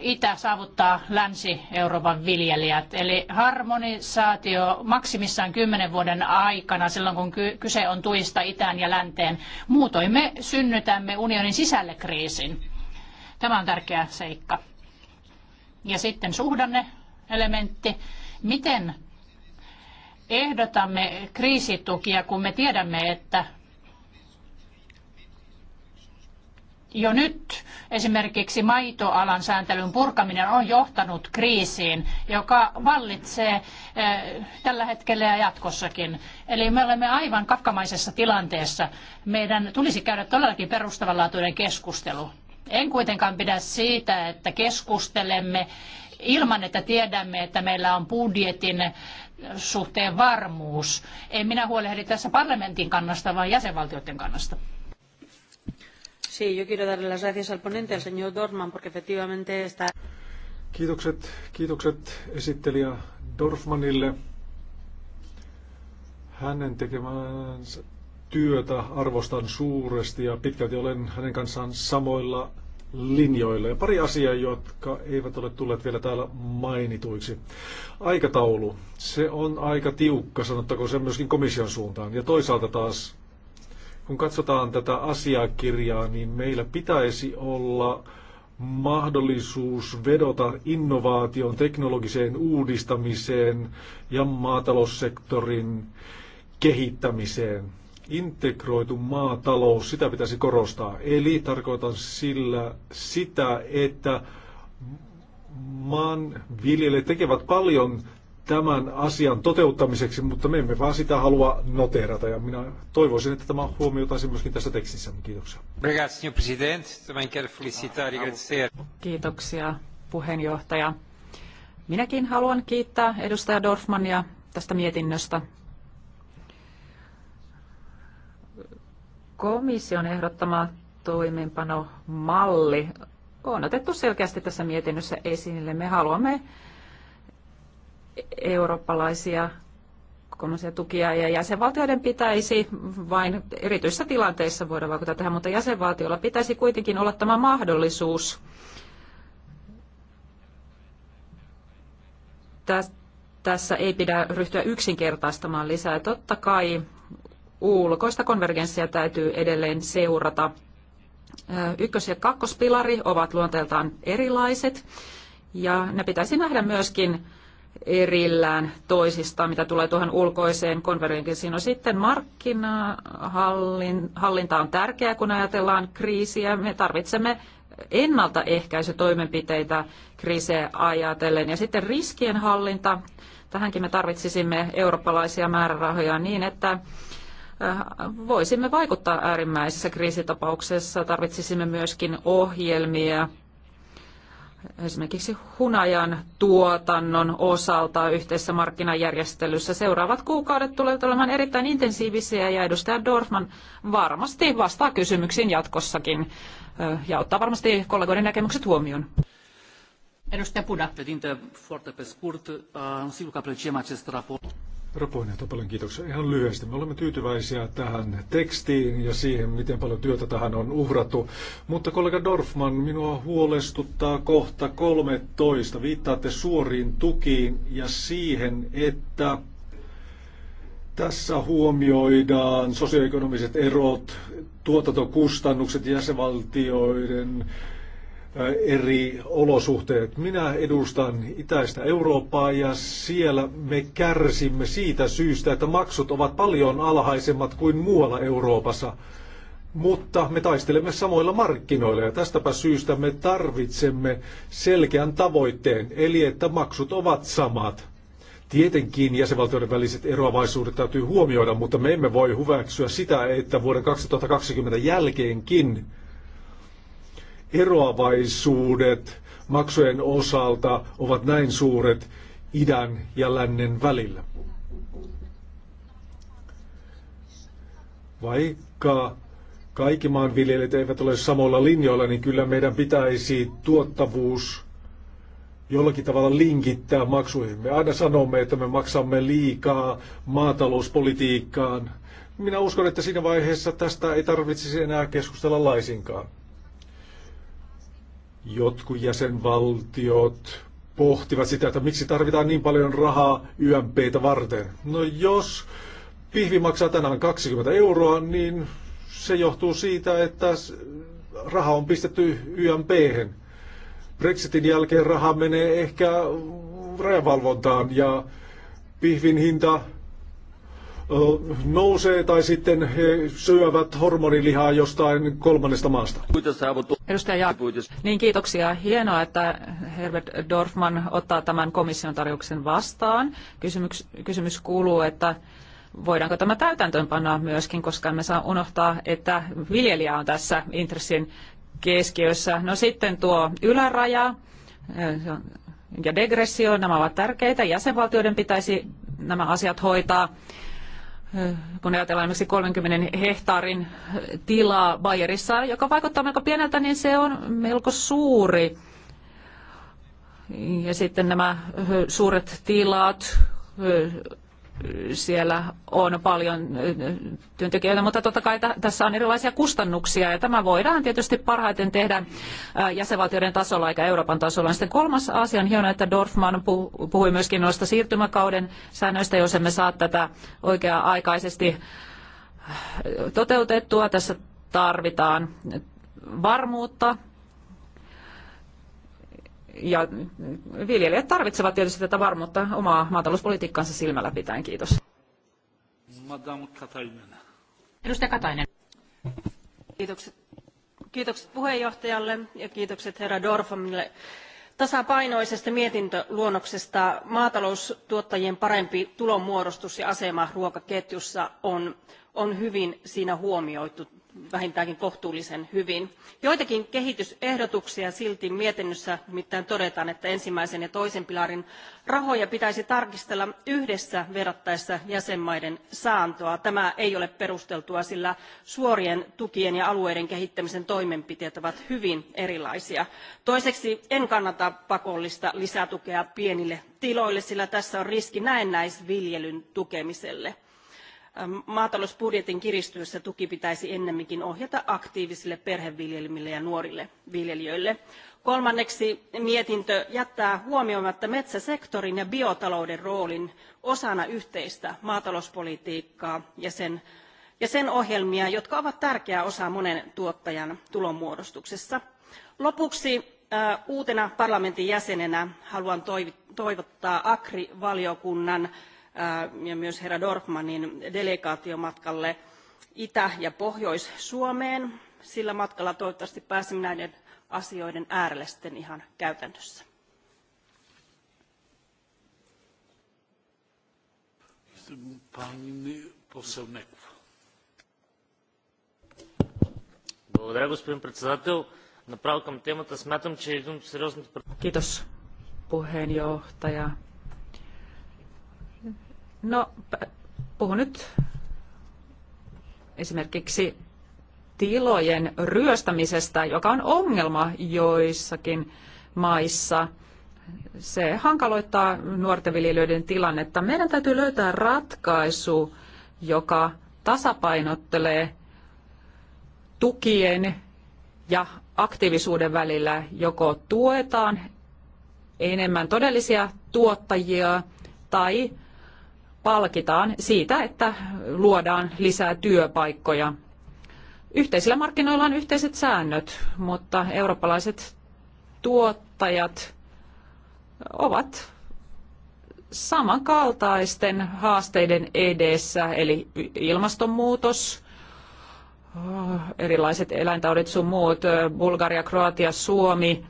itä saavuttaa Länsi-Euroopan viljelijät. Eli harmonisaatio maksimissaan kymmenen vuoden aikana silloin, kun kyse on tuista itään ja länteen. Muutoin me synnytämme unionin sisälle kriisin. Tämä on tärkeä seikka. Ja sitten suhdanne elementti. Miten ehdotamme kriisitukia, kun me tiedämme, että jo nyt esimerkiksi maitoalan sääntelyn purkaminen on johtanut kriisiin, joka vallitsee eh, tällä hetkellä ja jatkossakin. Eli me olemme aivan kakkamaisessa tilanteessa. Meidän tulisi käydä todellakin perustavanlaatuinen keskustelu. En kuitenkaan pidä siitä, että keskustelemme ilman, että tiedämme, että meillä on budjetin eh, suhteen varmuus. En minä huolehdi tässä parlamentin kannasta, vaan jäsenvaltioiden kannasta. Sí, yo quiero darle las gracias al ponente, al señor Dorman, porque efectivamente está... Kiitokset, kiitokset esittelijä Dorfmanille. Hänen tekemänsä työtä arvostan suuresti ja pitkälti olen hänen kanssaan samoilla linjoilla. Ja pari asiaa, jotka eivät ole tulleet vielä täällä mainituiksi. Aikataulu. Se on aika tiukka, sanottako se myöskin komission suuntaan. Ja toisaalta taas kun katsotaan tätä asiakirjaa, niin meillä pitäisi olla mahdollisuus vedota innovaation, teknologiseen uudistamiseen ja maataloussektorin kehittämiseen. Integroitu maatalous, sitä pitäisi korostaa. Eli tarkoitan sillä sitä, että maanviljelijät tekevät paljon tämän asian toteuttamiseksi, mutta me emme vaan sitä halua noteerata. Ja minä toivoisin, että tämä huomioitaisiin myöskin tässä tekstissä. Kiitoksia. E Kiitoksia puheenjohtaja. Minäkin haluan kiittää edustaja Dorfmania tästä mietinnöstä. Komission ehdottama malli. on otettu selkeästi tässä mietinnössä esille. Me haluamme eurooppalaisia kokonaisia tukia ja jäsenvaltioiden pitäisi vain erityisissä tilanteissa voida vaikuttaa tähän, mutta jäsenvaltiolla pitäisi kuitenkin olla tämä mahdollisuus. Tässä ei pidä ryhtyä yksinkertaistamaan lisää. Totta kai ulkoista konvergenssia täytyy edelleen seurata. Ykkös- ja kakkospilari ovat luonteeltaan erilaiset ja ne pitäisi nähdä myöskin erillään toisistaan, mitä tulee tuohon ulkoiseen konvergenssiin. No sitten markkinahallinta on tärkeää, kun ajatellaan kriisiä. Me tarvitsemme ennaltaehkäisytoimenpiteitä kriisejä ajatellen. Ja sitten riskien hallinta. Tähänkin me tarvitsisimme eurooppalaisia määrärahoja niin, että äh, voisimme vaikuttaa äärimmäisessä kriisitapauksessa. Tarvitsisimme myöskin ohjelmia esimerkiksi hunajan tuotannon osalta yhteisessä markkinajärjestelyssä. Seuraavat kuukaudet tulevat olemaan erittäin intensiivisiä ja edustaja Dorfman varmasti vastaa kysymyksiin jatkossakin ja ottaa varmasti kollegoiden näkemykset huomioon. Edustaja Puda. Herra puheenjohtaja, paljon kiitoksia. Ihan lyhyesti. Me olemme tyytyväisiä tähän tekstiin ja siihen, miten paljon työtä tähän on uhrattu. Mutta kollega Dorfman, minua huolestuttaa kohta 13. Viittaatte suoriin tukiin ja siihen, että tässä huomioidaan sosioekonomiset erot, tuotantokustannukset jäsenvaltioiden eri olosuhteet. Minä edustan itäistä Eurooppaa ja siellä me kärsimme siitä syystä, että maksut ovat paljon alhaisemmat kuin muualla Euroopassa. Mutta me taistelemme samoilla markkinoilla ja tästäpä syystä me tarvitsemme selkeän tavoitteen, eli että maksut ovat samat. Tietenkin jäsenvaltioiden väliset eroavaisuudet täytyy huomioida, mutta me emme voi hyväksyä sitä, että vuoden 2020 jälkeenkin eroavaisuudet maksujen osalta ovat näin suuret idän ja lännen välillä. Vaikka kaikki maanviljelijät eivät ole samoilla linjoilla, niin kyllä meidän pitäisi tuottavuus jollakin tavalla linkittää maksuihin. Me aina sanomme, että me maksamme liikaa maatalouspolitiikkaan. Minä uskon, että siinä vaiheessa tästä ei tarvitsisi enää keskustella laisinkaan. Jotkut jäsenvaltiot pohtivat sitä, että miksi tarvitaan niin paljon rahaa YMPtä varten. No jos pihvi maksaa tänään 20 euroa, niin se johtuu siitä, että raha on pistetty ymp -hän. Brexitin jälkeen raha menee ehkä rajavalvontaan ja pihvin hinta nousee tai sitten he syövät hormonilihaa jostain kolmannesta maasta. Edustaja Jaak, niin kiitoksia. Hienoa, että Herbert Dorfman ottaa tämän komission tarjouksen vastaan. Kysymyks, kysymys kuuluu, että voidaanko tämä täytäntöönpanna myöskin, koska me saa unohtaa, että viljelijä on tässä intressin keskiössä. No sitten tuo yläraja ja degressio, nämä ovat tärkeitä. Jäsenvaltioiden pitäisi nämä asiat hoitaa kun ajatellaan esimerkiksi 30 hehtaarin tilaa Bayerissa, joka vaikuttaa melko pieneltä, niin se on melko suuri. Ja sitten nämä suuret tilat siellä on paljon työntekijöitä, mutta totta kai tässä on erilaisia kustannuksia ja tämä voidaan tietysti parhaiten tehdä jäsenvaltioiden tasolla eikä Euroopan tasolla. Sitten kolmas asia on hienoa, että Dorfman puhui myöskin noista siirtymäkauden säännöistä, jos emme saa tätä oikea-aikaisesti toteutettua. Tässä tarvitaan varmuutta ja viljelijät tarvitsevat tietysti tätä varmuutta omaa maatalouspolitiikkaansa silmällä pitäen. Kiitos. Katainen. Edustaja Katainen. Kiitokset, kiitokset puheenjohtajalle ja kiitokset herra Dorfamille tasapainoisesta mietintöluonnoksesta. Maataloustuottajien parempi tulonmuodostus ja asema ruokaketjussa on, on hyvin siinä huomioitu vähintäänkin kohtuullisen hyvin. Joitakin kehitysehdotuksia silti mietinnössä nimittäin todetaan, että ensimmäisen ja toisen pilarin rahoja pitäisi tarkistella yhdessä verrattaessa jäsenmaiden saantoa. Tämä ei ole perusteltua, sillä suorien tukien ja alueiden kehittämisen toimenpiteet ovat hyvin erilaisia. Toiseksi en kannata pakollista lisätukea pienille tiloille, sillä tässä on riski näennäisviljelyn tukemiselle. Ähm, maatalousbudjetin kiristyessä tuki pitäisi ennemminkin ohjata aktiivisille perheviljelmille ja nuorille viljelijöille. Kolmanneksi mietintö jättää huomioimatta metsäsektorin ja biotalouden roolin osana yhteistä maatalouspolitiikkaa ja sen, ja sen ohjelmia, jotka ovat tärkeä osa monen tuottajan tulonmuodostuksessa. Lopuksi äh, uutena parlamentin jäsenenä haluan toivottaa Akri-valiokunnan ja myös herra Dorfmanin delegaatiomatkalle Itä- ja Pohjois-Suomeen. Sillä matkalla toivottavasti pääsemme näiden asioiden äärelle sitten ihan käytännössä. Благодаря, господин председател. Направо към темата. Смятам, че един от сериозните... Kiitos, puheenjohtaja. No, puhun nyt esimerkiksi tilojen ryöstämisestä, joka on ongelma joissakin maissa. Se hankaloittaa nuorten viljelijöiden tilannetta. Meidän täytyy löytää ratkaisu, joka tasapainottelee tukien ja aktiivisuuden välillä joko tuetaan enemmän todellisia tuottajia tai palkitaan siitä, että luodaan lisää työpaikkoja. Yhteisillä markkinoilla on yhteiset säännöt, mutta eurooppalaiset tuottajat ovat samankaltaisten haasteiden edessä, eli ilmastonmuutos, erilaiset eläintaudit sun muut, Bulgaria, Kroatia, Suomi,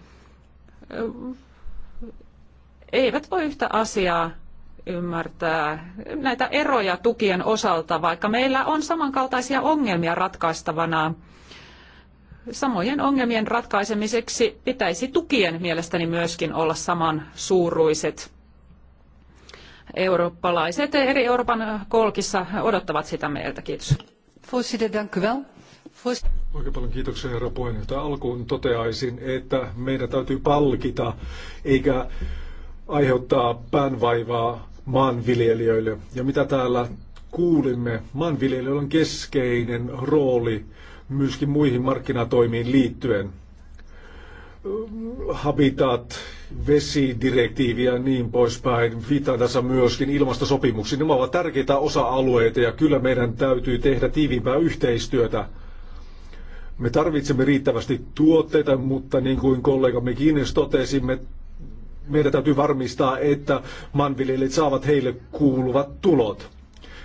eivät voi yhtä asiaa ymmärtää näitä eroja tukien osalta, vaikka meillä on samankaltaisia ongelmia ratkaistavana. Samojen ongelmien ratkaisemiseksi pitäisi tukien mielestäni myöskin olla samansuuruiset. Eurooppalaiset eri Euroopan kolkissa odottavat sitä meiltä. Kiitos. Oikein paljon kiitoksia herra puheenjohtaja. Alkuun toteaisin, että meidän täytyy palkita eikä aiheuttaa päänvaivaa maanviljelijöille. Ja mitä täällä kuulimme, maanviljelijöillä on keskeinen rooli myöskin muihin markkinatoimiin liittyen. Habitat, vesidirektiivi ja niin poispäin, viittaan tässä myöskin ilmastosopimuksiin. Nämä ovat tärkeitä osa-alueita ja kyllä meidän täytyy tehdä tiiviimpää yhteistyötä. Me tarvitsemme riittävästi tuotteita, mutta niin kuin kollegamme Kiines totesimme, meidän täytyy varmistaa, että maanviljelijät saavat heille kuuluvat tulot.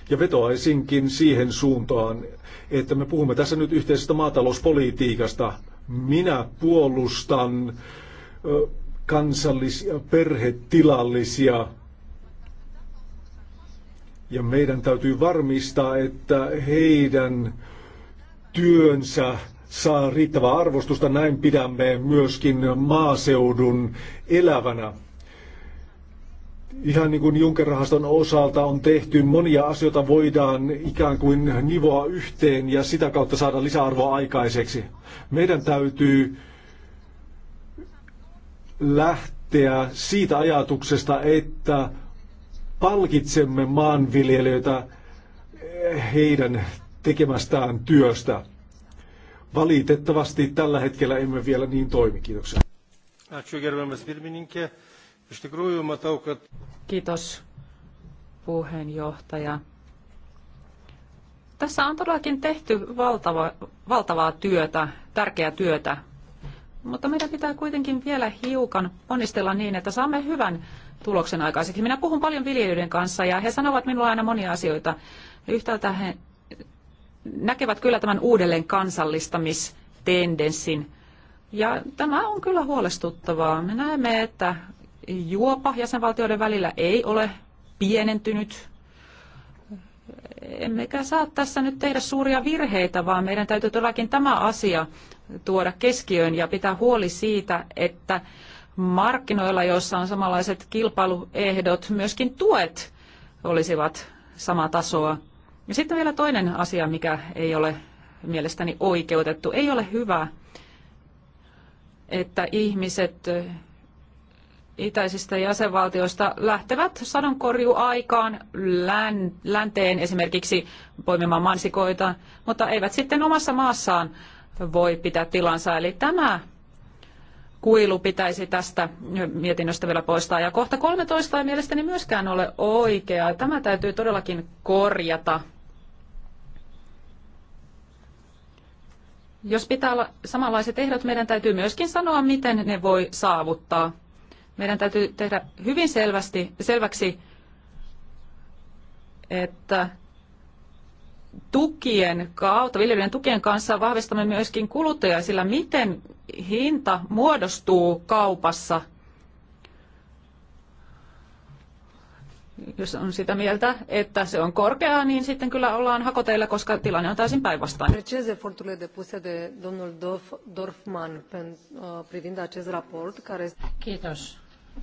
Ja vetoaisinkin siihen suuntaan, että me puhumme tässä nyt yhteisestä maatalouspolitiikasta. Minä puolustan kansallisia perhetilallisia ja meidän täytyy varmistaa, että heidän työnsä saa riittävää arvostusta. Näin pidämme myöskin maaseudun elävänä. Ihan niin kuin Junkerahaston osalta on tehty, monia asioita voidaan ikään kuin nivoa yhteen ja sitä kautta saada lisäarvoa aikaiseksi. Meidän täytyy lähteä siitä ajatuksesta, että palkitsemme maanviljelijöitä heidän tekemästään työstä. Valitettavasti tällä hetkellä emme vielä niin toimi. Kiitoksia. Kiitos puheenjohtaja. Tässä on todellakin tehty valtava, valtavaa työtä, tärkeää työtä, mutta meidän pitää kuitenkin vielä hiukan onnistella niin, että saamme hyvän tuloksen aikaiseksi. Minä puhun paljon viljelijöiden kanssa ja he sanovat minulle aina monia asioita. Yhtäältä he näkevät kyllä tämän uudelleen kansallistamistendenssin. Ja tämä on kyllä huolestuttavaa. Me näemme, että juopa jäsenvaltioiden välillä ei ole pienentynyt. Emmekä saa tässä nyt tehdä suuria virheitä, vaan meidän täytyy todellakin tämä asia tuoda keskiöön ja pitää huoli siitä, että markkinoilla, joissa on samanlaiset kilpailuehdot, myöskin tuet olisivat samaa tasoa. Ja sitten vielä toinen asia, mikä ei ole mielestäni oikeutettu. Ei ole hyvä, että ihmiset itäisistä jäsenvaltioista lähtevät sadonkorjuaikaan länteen esimerkiksi poimimaan mansikoita, mutta eivät sitten omassa maassaan voi pitää tilansa. Eli tämä kuilu pitäisi tästä mietinnöstä vielä poistaa. Ja kohta 13 ei mielestäni myöskään ole oikea. Tämä täytyy todellakin korjata. Jos pitää olla samanlaiset ehdot, meidän täytyy myöskin sanoa, miten ne voi saavuttaa. Meidän täytyy tehdä hyvin selvästi, selväksi, että tukien kautta, viljelijöiden tukien kanssa vahvistamme myöskin kuluttajia, sillä miten hinta muodostuu kaupassa, jos on sitä mieltä, että se on korkea, niin sitten kyllä ollaan hakoteilla, koska tilanne on täysin päinvastainen. Apreciez eforturile depuse de domnul Dorfman uh, privind acest raport, care... Kiitos.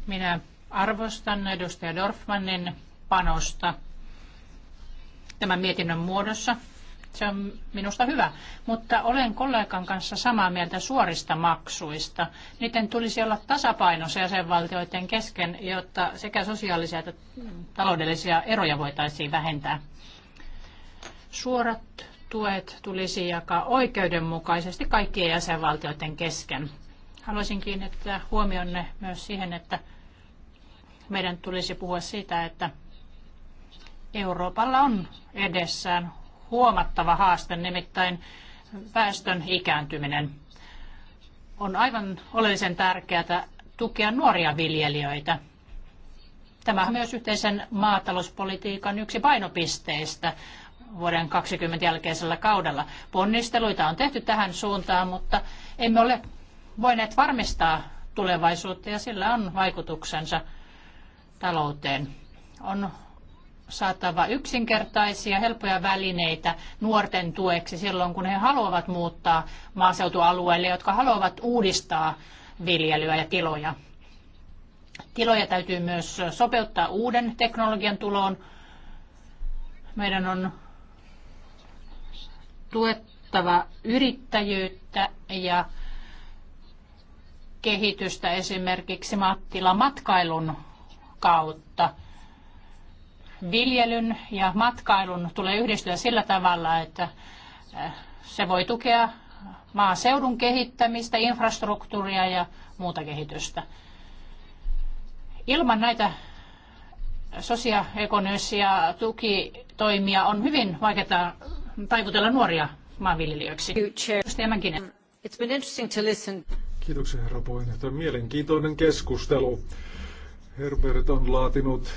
Minä arvostan edustaja Dorfmanin panosta tämän mietinnön muodossa. Se on minusta hyvä, mutta olen kollegan kanssa samaa mieltä suorista maksuista. Niiden tulisi olla tasapainossa jäsenvaltioiden kesken, jotta sekä sosiaalisia että taloudellisia eroja voitaisiin vähentää. Suorat tuet tulisi jakaa oikeudenmukaisesti kaikkien jäsenvaltioiden kesken. Haluaisin kiinnittää huomionne myös siihen, että meidän tulisi puhua siitä, että Euroopalla on edessään huomattava haaste, nimittäin väestön ikääntyminen. On aivan oleellisen tärkeää tukea nuoria viljelijöitä. Tämä on myös yhteisen maatalouspolitiikan yksi painopisteistä vuoden 2020 jälkeisellä kaudella. Ponnisteluita on tehty tähän suuntaan, mutta emme ole voineet varmistaa tulevaisuutta ja sillä on vaikutuksensa talouteen. On saatava yksinkertaisia, helppoja välineitä nuorten tueksi silloin, kun he haluavat muuttaa maaseutualueelle, jotka haluavat uudistaa viljelyä ja tiloja. Tiloja täytyy myös sopeuttaa uuden teknologian tuloon. Meidän on tuettava yrittäjyyttä ja kehitystä esimerkiksi mattila matkailun kautta – viljelyn ja matkailun tulee yhdistyä sillä tavalla, että äh, se voi tukea maaseudun kehittämistä, infrastruktuuria ja muuta kehitystä. Ilman näitä sosioekonomisia tukitoimia on hyvin vaikeaa taivutella nuoria maanviljelijöiksi. Um, Kiitoksia herra puheenjohtaja. Mielenkiintoinen keskustelu. Herbert on laatinut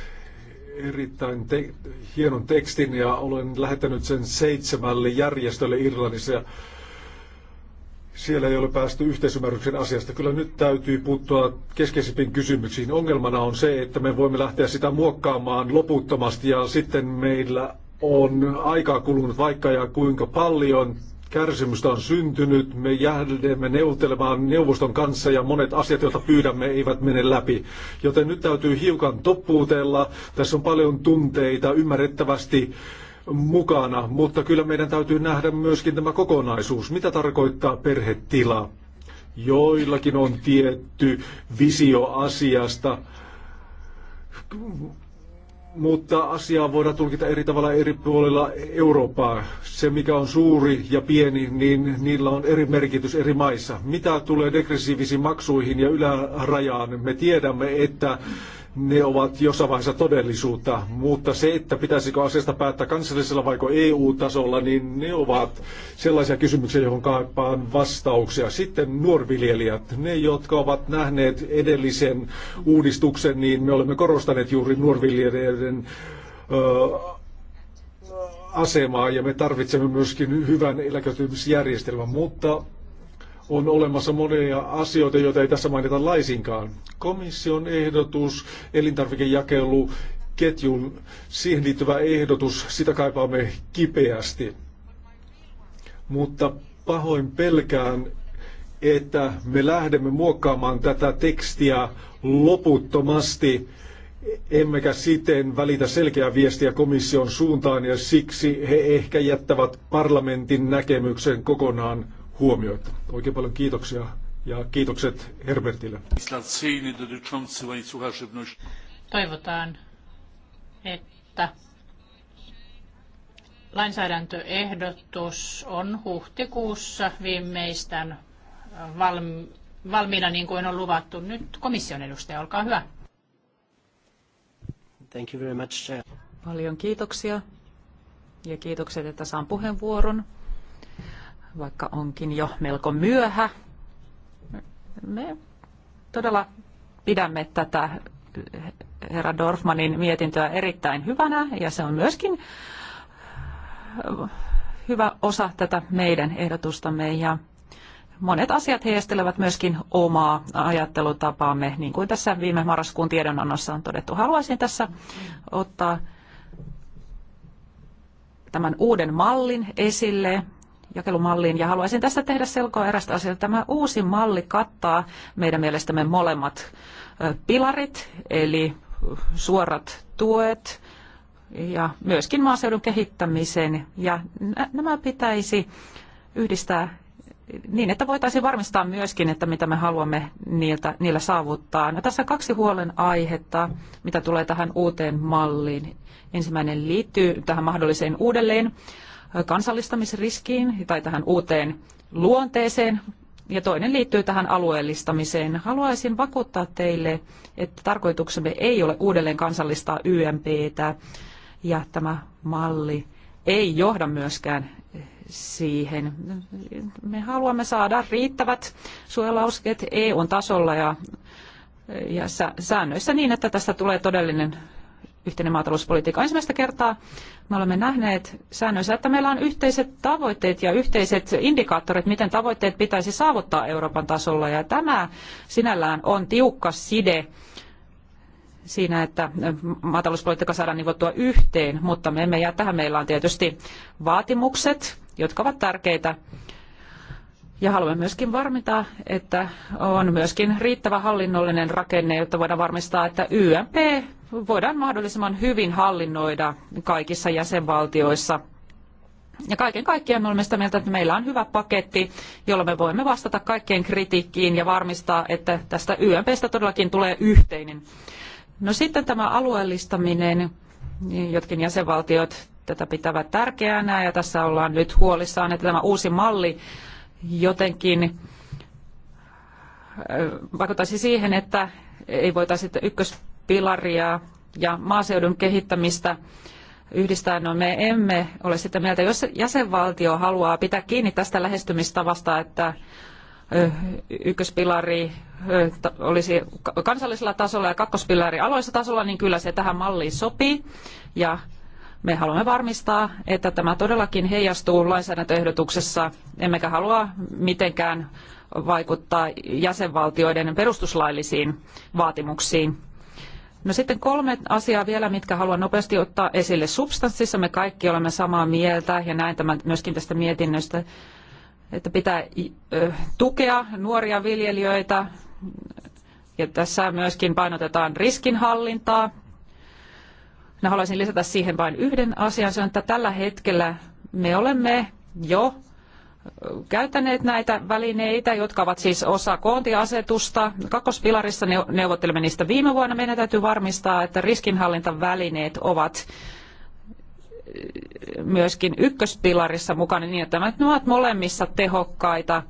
erittäin te- hienon tekstin ja olen lähettänyt sen seitsemälle järjestölle Irlannissa. Ja siellä ei ole päästy yhteisymmärryksen asiasta. Kyllä nyt täytyy puuttua keskeisimpiin kysymyksiin. Ongelmana on se, että me voimme lähteä sitä muokkaamaan loputtomasti ja sitten meillä on aikaa kulunut vaikka ja kuinka paljon Kärsimystä on syntynyt, me jäädemme neuvottelemaan neuvoston kanssa ja monet asiat, joita pyydämme, eivät mene läpi. Joten nyt täytyy hiukan toppuutella. Tässä on paljon tunteita ymmärrettävästi mukana, mutta kyllä meidän täytyy nähdä myöskin tämä kokonaisuus. Mitä tarkoittaa perhetila? Joillakin on tietty visio asiasta mutta asiaa voidaan tulkita eri tavalla eri puolilla Eurooppaa. Se, mikä on suuri ja pieni, niin niillä on eri merkitys eri maissa. Mitä tulee degressiivisiin maksuihin ja ylärajaan, me tiedämme, että ne ovat jossain vaiheessa todellisuutta, mutta se, että pitäisikö asiasta päättää kansallisella vai EU-tasolla, niin ne ovat sellaisia kysymyksiä, johon kaipaan vastauksia. Sitten nuorviljelijät, ne jotka ovat nähneet edellisen uudistuksen, niin me olemme korostaneet juuri nuorviljelijöiden ö, asemaa ja me tarvitsemme myöskin hyvän eläköitymisjärjestelmän, mutta on olemassa monia asioita, joita ei tässä mainita laisinkaan. Komission ehdotus, elintarvikejakelu, ketjun, siihen liittyvä ehdotus, sitä kaipaamme kipeästi. Mutta pahoin pelkään, että me lähdemme muokkaamaan tätä tekstiä loputtomasti, emmekä siten välitä selkeää viestiä komission suuntaan ja siksi he ehkä jättävät parlamentin näkemyksen kokonaan huomioita. Oikein paljon kiitoksia ja kiitokset Herbertille. Toivotaan, että lainsäädäntöehdotus on huhtikuussa viimeistään valmi, valmiina niin kuin on luvattu. Nyt komission edustaja, olkaa hyvä. Thank you very much, Paljon kiitoksia ja kiitokset, että saan puheenvuoron vaikka onkin jo melko myöhä. Me todella pidämme tätä herra Dorfmanin mietintöä erittäin hyvänä ja se on myöskin hyvä osa tätä meidän ehdotustamme ja monet asiat heijastelevat myöskin omaa ajattelutapaamme, niin kuin tässä viime marraskuun tiedonannossa on todettu. Haluaisin tässä ottaa tämän uuden mallin esille, jakelumalliin. Ja haluaisin tässä tehdä selkoa erästä asiaa. Tämä uusi malli kattaa meidän mielestämme molemmat pilarit, eli suorat tuet ja myöskin maaseudun kehittämisen. Ja nämä pitäisi yhdistää niin, että voitaisiin varmistaa myöskin, että mitä me haluamme niiltä, niillä saavuttaa. No, tässä on kaksi huolenaihetta, mitä tulee tähän uuteen malliin. Ensimmäinen liittyy tähän mahdolliseen uudelleen kansallistamisriskiin tai tähän uuteen luonteeseen. Ja toinen liittyy tähän alueellistamiseen. Haluaisin vakuuttaa teille, että tarkoituksemme ei ole uudelleen kansallistaa YMPtä ja tämä malli ei johda myöskään siihen. Me haluamme saada riittävät suojelauskkeet EUn tasolla ja, ja säännöissä niin, että tästä tulee todellinen yhteinen maatalouspolitiikka. Ensimmäistä kertaa me olemme nähneet säännöissä, että meillä on yhteiset tavoitteet ja yhteiset indikaattorit, miten tavoitteet pitäisi saavuttaa Euroopan tasolla. Ja tämä sinällään on tiukka side siinä, että maatalouspolitiikka saadaan nivottua yhteen, mutta me emme jää tähän. Meillä on tietysti vaatimukset, jotka ovat tärkeitä. Ja haluamme myöskin varmistaa, että on myöskin riittävä hallinnollinen rakenne, jotta voidaan varmistaa, että YMP voidaan mahdollisimman hyvin hallinnoida kaikissa jäsenvaltioissa. Ja kaiken kaikkiaan me olemme sitä mieltä, että meillä on hyvä paketti, jolla me voimme vastata kaikkeen kritiikkiin ja varmistaa, että tästä YMPstä todellakin tulee yhteinen. No sitten tämä alueellistaminen, jotkin jäsenvaltiot tätä pitävät tärkeänä ja tässä ollaan nyt huolissaan, että tämä uusi malli jotenkin äh, vaikuttaisi siihen, että ei voitaisi ykkös pilaria ja maaseudun kehittämistä yhdistää, no me emme ole sitä mieltä, jos jäsenvaltio haluaa pitää kiinni tästä lähestymistavasta, että ykköspilari olisi kansallisella tasolla ja kakkospilari alueellisella tasolla, niin kyllä se tähän malliin sopii. Ja me haluamme varmistaa, että tämä todellakin heijastuu lainsäädäntöehdotuksessa, emmekä halua mitenkään vaikuttaa jäsenvaltioiden perustuslaillisiin vaatimuksiin. No sitten kolme asiaa vielä, mitkä haluan nopeasti ottaa esille. Substanssissa me kaikki olemme samaa mieltä ja näin tämän myöskin tästä mietinnöstä, että pitää tukea nuoria viljelijöitä ja tässä myöskin painotetaan riskinhallintaa. No, haluaisin lisätä siihen vain yhden asian, se on, että tällä hetkellä me olemme jo käyttäneet näitä välineitä, jotka ovat siis osa koontiasetusta. Kakkospilarissa neuvottelemme niistä viime vuonna. Meidän täytyy varmistaa, että riskinhallintavälineet ovat myöskin ykköspilarissa mukana niin, että ne ovat molemmissa tehokkaita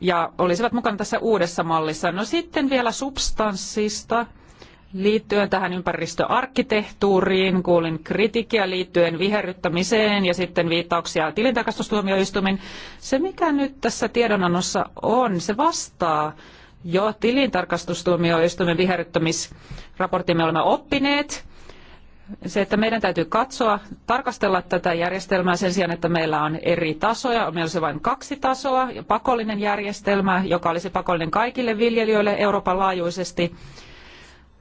ja olisivat mukana tässä uudessa mallissa. No sitten vielä substanssista liittyen tähän ympäristöarkkitehtuuriin, kuulin kritiikkiä liittyen viherryttämiseen ja sitten viittauksia tilintarkastustuomioistuimen. Se mikä nyt tässä tiedonannossa on, se vastaa jo tilintarkastustuomioistuimen viherryttämisraportin me olemme oppineet. Se, että meidän täytyy katsoa, tarkastella tätä järjestelmää sen sijaan, että meillä on eri tasoja. Meillä olisi vain kaksi tasoa pakollinen järjestelmä, joka olisi pakollinen kaikille viljelijöille Euroopan laajuisesti –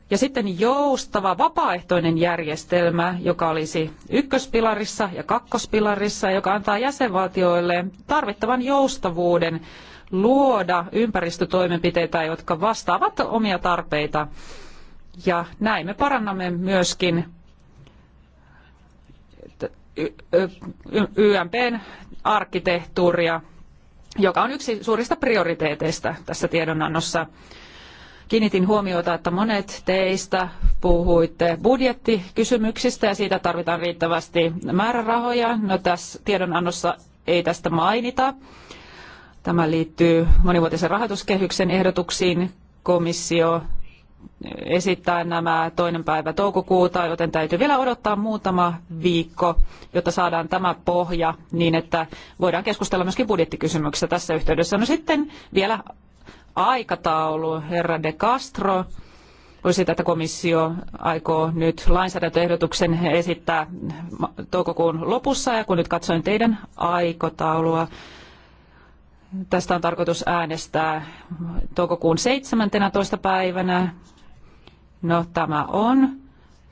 ja sitten joustava vapaaehtoinen järjestelmä, joka olisi ykköspilarissa ja kakkospilarissa, joka antaa jäsenvaltioille tarvittavan joustavuuden luoda ympäristötoimenpiteitä, jotka vastaavat omia tarpeita. Ja näin me parannamme myöskin YMPn arkkitehtuuria, joka on yksi suurista prioriteeteista tässä tiedonannossa kiinnitin huomiota, että monet teistä puhuitte budjettikysymyksistä ja siitä tarvitaan riittävästi määrärahoja. No tässä tiedonannossa ei tästä mainita. Tämä liittyy monivuotisen rahoituskehyksen ehdotuksiin. Komissio esittää nämä toinen päivä toukokuuta, joten täytyy vielä odottaa muutama viikko, jotta saadaan tämä pohja niin, että voidaan keskustella myöskin budjettikysymyksistä tässä yhteydessä. No sitten vielä aikataulu. Herra de Castro on että komissio aikoo nyt lainsäädäntöehdotuksen esittää toukokuun lopussa. Ja kun nyt katsoin teidän aikataulua, tästä on tarkoitus äänestää toukokuun 17. päivänä. No tämä on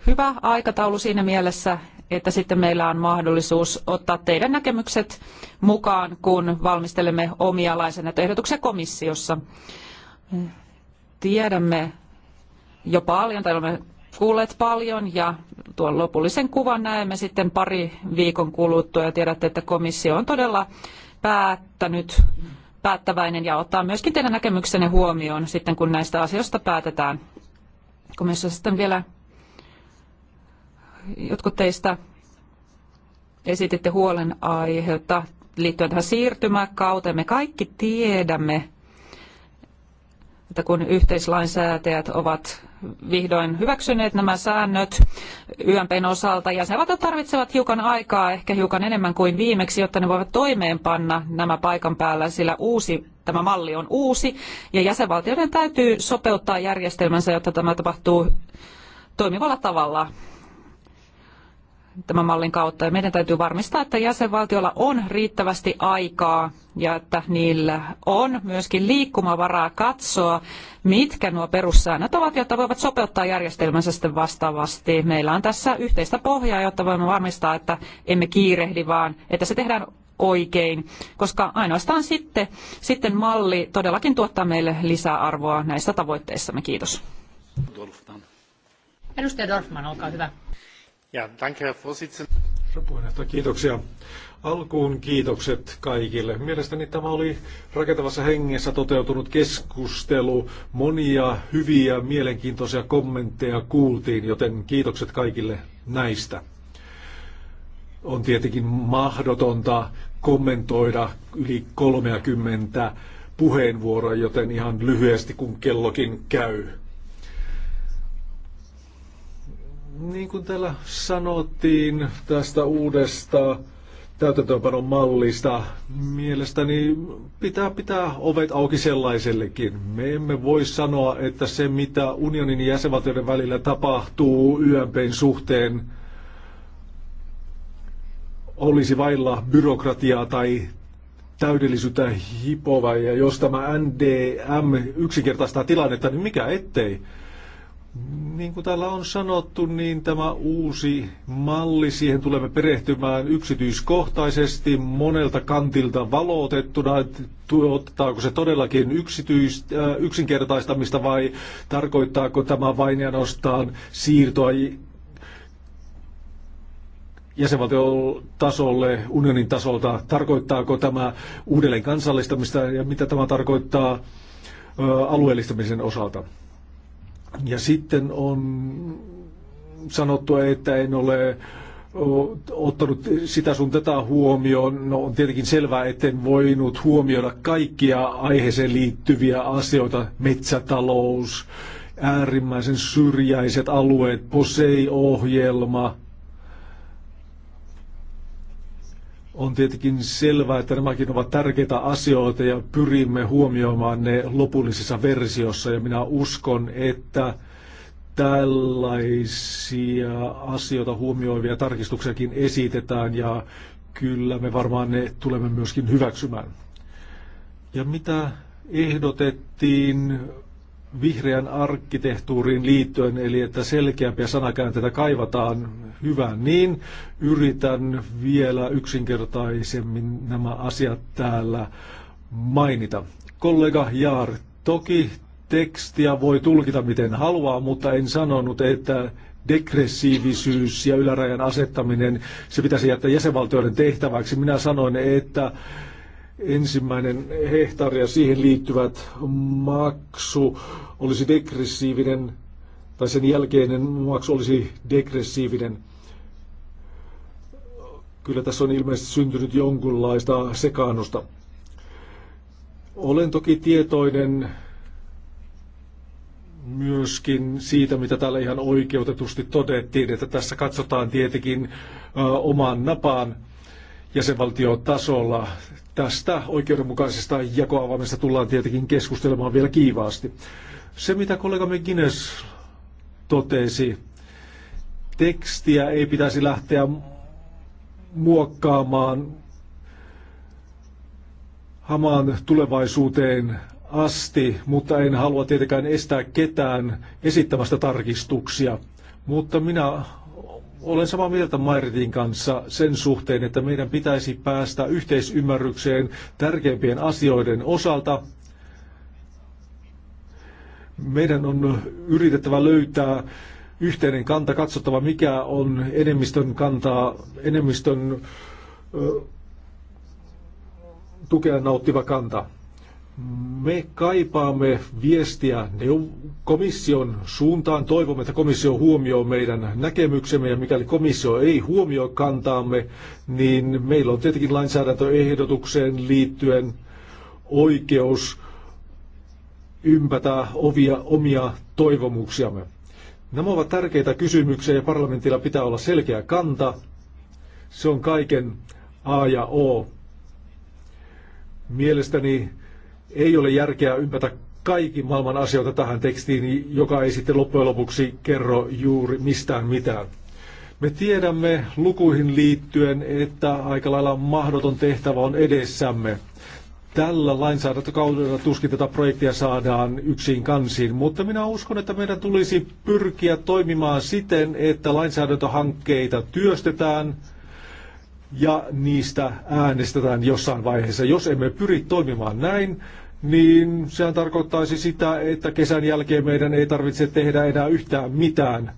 hyvä aikataulu siinä mielessä, että sitten meillä on mahdollisuus ottaa teidän näkemykset mukaan, kun valmistelemme omia lainsäädäntöehdotuksia komissiossa. Tiedämme jo paljon, tai olemme kuulleet paljon, ja tuon lopullisen kuvan näemme sitten pari viikon kuluttua, ja tiedätte, että komissio on todella päättänyt päättäväinen ja ottaa myöskin teidän näkemyksenne huomioon sitten, kun näistä asioista päätetään. Komissio sitten vielä jotkut teistä esititte huolenaiheita liittyen tähän siirtymäkauteen. Me kaikki tiedämme, että kun yhteislainsäätäjät ovat vihdoin hyväksyneet nämä säännöt YMPn osalta, ja jäsenvaltiot tarvitsevat hiukan aikaa, ehkä hiukan enemmän kuin viimeksi, jotta ne voivat toimeenpanna nämä paikan päällä, sillä uusi, tämä malli on uusi, ja jäsenvaltioiden täytyy sopeuttaa järjestelmänsä, jotta tämä tapahtuu toimivalla tavalla tämän mallin kautta. Ja meidän täytyy varmistaa, että jäsenvaltiolla on riittävästi aikaa ja että niillä on myöskin liikkumavaraa katsoa, mitkä nuo perussäännöt ovat, jotta voivat sopeuttaa järjestelmänsä sitten vastaavasti. Meillä on tässä yhteistä pohjaa, jotta voimme varmistaa, että emme kiirehdi, vaan että se tehdään oikein, koska ainoastaan sitten, sitten malli todellakin tuottaa meille lisäarvoa näissä tavoitteissamme. Kiitos. Edustaja Dorfman, olkaa hyvä. Ja, danke, Puheenjohtaja, kiitoksia. Alkuun kiitokset kaikille. Mielestäni tämä oli rakentavassa hengessä toteutunut keskustelu. Monia hyviä, mielenkiintoisia kommentteja kuultiin, joten kiitokset kaikille näistä. On tietenkin mahdotonta kommentoida yli 30 puheenvuoroa, joten ihan lyhyesti kun kellokin käy. Niin kuin täällä sanottiin tästä uudesta täytäntöönpanon mallista, mielestäni pitää pitää ovet auki sellaisellekin. Me emme voi sanoa, että se mitä unionin ja jäsenvaltioiden välillä tapahtuu YMPn suhteen, olisi vailla byrokratiaa tai täydellisyyttä hipovaa. Ja jos tämä NDM yksinkertaistaa tilannetta, niin mikä ettei? Niin kuin täällä on sanottu, niin tämä uusi malli, siihen tulemme perehtymään yksityiskohtaisesti monelta kantilta valotettuna, ottaako se todellakin yksityis, äh, yksinkertaistamista vai tarkoittaako tämä vain ja nostaan siirtoa jäsenvaltion tasolle, unionin tasolta, tarkoittaako tämä uudelleen kansallistamista ja mitä tämä tarkoittaa äh, alueellistamisen osalta. Ja sitten on sanottu, että en ole ottanut sitä sun tätä huomioon. No on tietenkin selvää, etten voinut huomioida kaikkia aiheeseen liittyviä asioita, metsätalous, äärimmäisen syrjäiset alueet, POSEI-ohjelma, On tietenkin selvää, että nämäkin ovat tärkeitä asioita ja pyrimme huomioimaan ne lopullisessa versiossa ja minä uskon, että tällaisia asioita huomioivia tarkistuksiakin esitetään ja kyllä me varmaan ne tulemme myöskin hyväksymään. Ja mitä ehdotettiin vihreän arkkitehtuuriin liittyen, eli että selkeämpiä sanakäänteitä kaivataan hyvä niin. Yritän vielä yksinkertaisemmin nämä asiat täällä mainita. Kollega Jaar, toki tekstiä voi tulkita miten haluaa, mutta en sanonut, että degressiivisyys ja ylärajan asettaminen, se pitäisi jättää jäsenvaltioiden tehtäväksi. Minä sanoin, että ensimmäinen hehtaari ja siihen liittyvät maksu olisi degressiivinen, tai sen jälkeinen maksu olisi degressiivinen. Kyllä tässä on ilmeisesti syntynyt jonkunlaista sekaannusta. Olen toki tietoinen myöskin siitä, mitä täällä ihan oikeutetusti todettiin, että tässä katsotaan tietenkin ö, omaan napaan – jäsenvaltiotasolla. Tästä oikeudenmukaisesta jakoavaimesta tullaan tietenkin keskustelemaan vielä kiivaasti. Se, mitä kollegamme Guinness totesi, tekstiä ei pitäisi lähteä muokkaamaan hamaan tulevaisuuteen asti, mutta en halua tietenkään estää ketään esittämästä tarkistuksia. Mutta minä olen samaa mieltä Mairitin kanssa sen suhteen, että meidän pitäisi päästä yhteisymmärrykseen tärkeimpien asioiden osalta. Meidän on yritettävä löytää yhteinen kanta, katsottava mikä on enemmistön kantaa, enemmistön ö, tukea nauttiva kanta. Me kaipaamme viestiä komission suuntaan. Toivomme, että komissio huomioi meidän näkemyksemme ja mikäli komissio ei huomioi kantaamme, niin meillä on tietenkin lainsäädäntöehdotukseen liittyen oikeus ympätä ovia omia toivomuksiamme. Nämä ovat tärkeitä kysymyksiä ja parlamentilla pitää olla selkeä kanta. Se on kaiken A ja O. Mielestäni ei ole järkeä ympätä kaikki maailman asioita tähän tekstiin, joka ei sitten loppujen lopuksi kerro juuri mistään mitään. Me tiedämme lukuihin liittyen, että aika lailla mahdoton tehtävä on edessämme. Tällä lainsäädäntökaudella tuskin tätä projektia saadaan yksin kansiin, mutta minä uskon, että meidän tulisi pyrkiä toimimaan siten, että lainsäädäntöhankkeita työstetään ja niistä äänestetään jossain vaiheessa. Jos emme pyri toimimaan näin, niin sehän tarkoittaisi sitä, että kesän jälkeen meidän ei tarvitse tehdä enää yhtään mitään.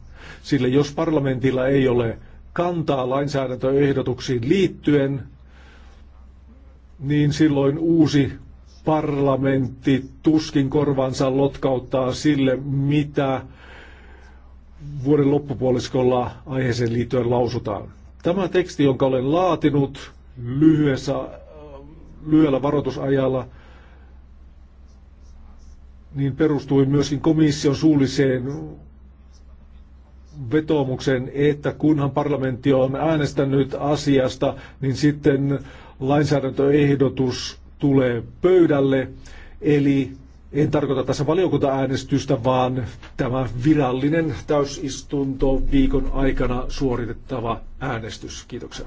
Sillä jos parlamentilla ei ole kantaa lainsäädäntöehdotuksiin liittyen, niin silloin uusi parlamentti tuskin korvansa lotkauttaa sille, mitä vuoden loppupuoliskolla aiheeseen liittyen lausutaan. Tämä teksti, jonka olen laatinut lyhyessä, lyhyellä varoitusajalla – niin perustui myöskin komission suulliseen vetoomukseen, että kunhan parlamentti on äänestänyt asiasta, niin sitten lainsäädäntöehdotus tulee pöydälle. Eli en tarkoita tässä valiokuntaäänestystä, vaan tämä virallinen täysistunto viikon aikana suoritettava äänestys. Kiitoksia.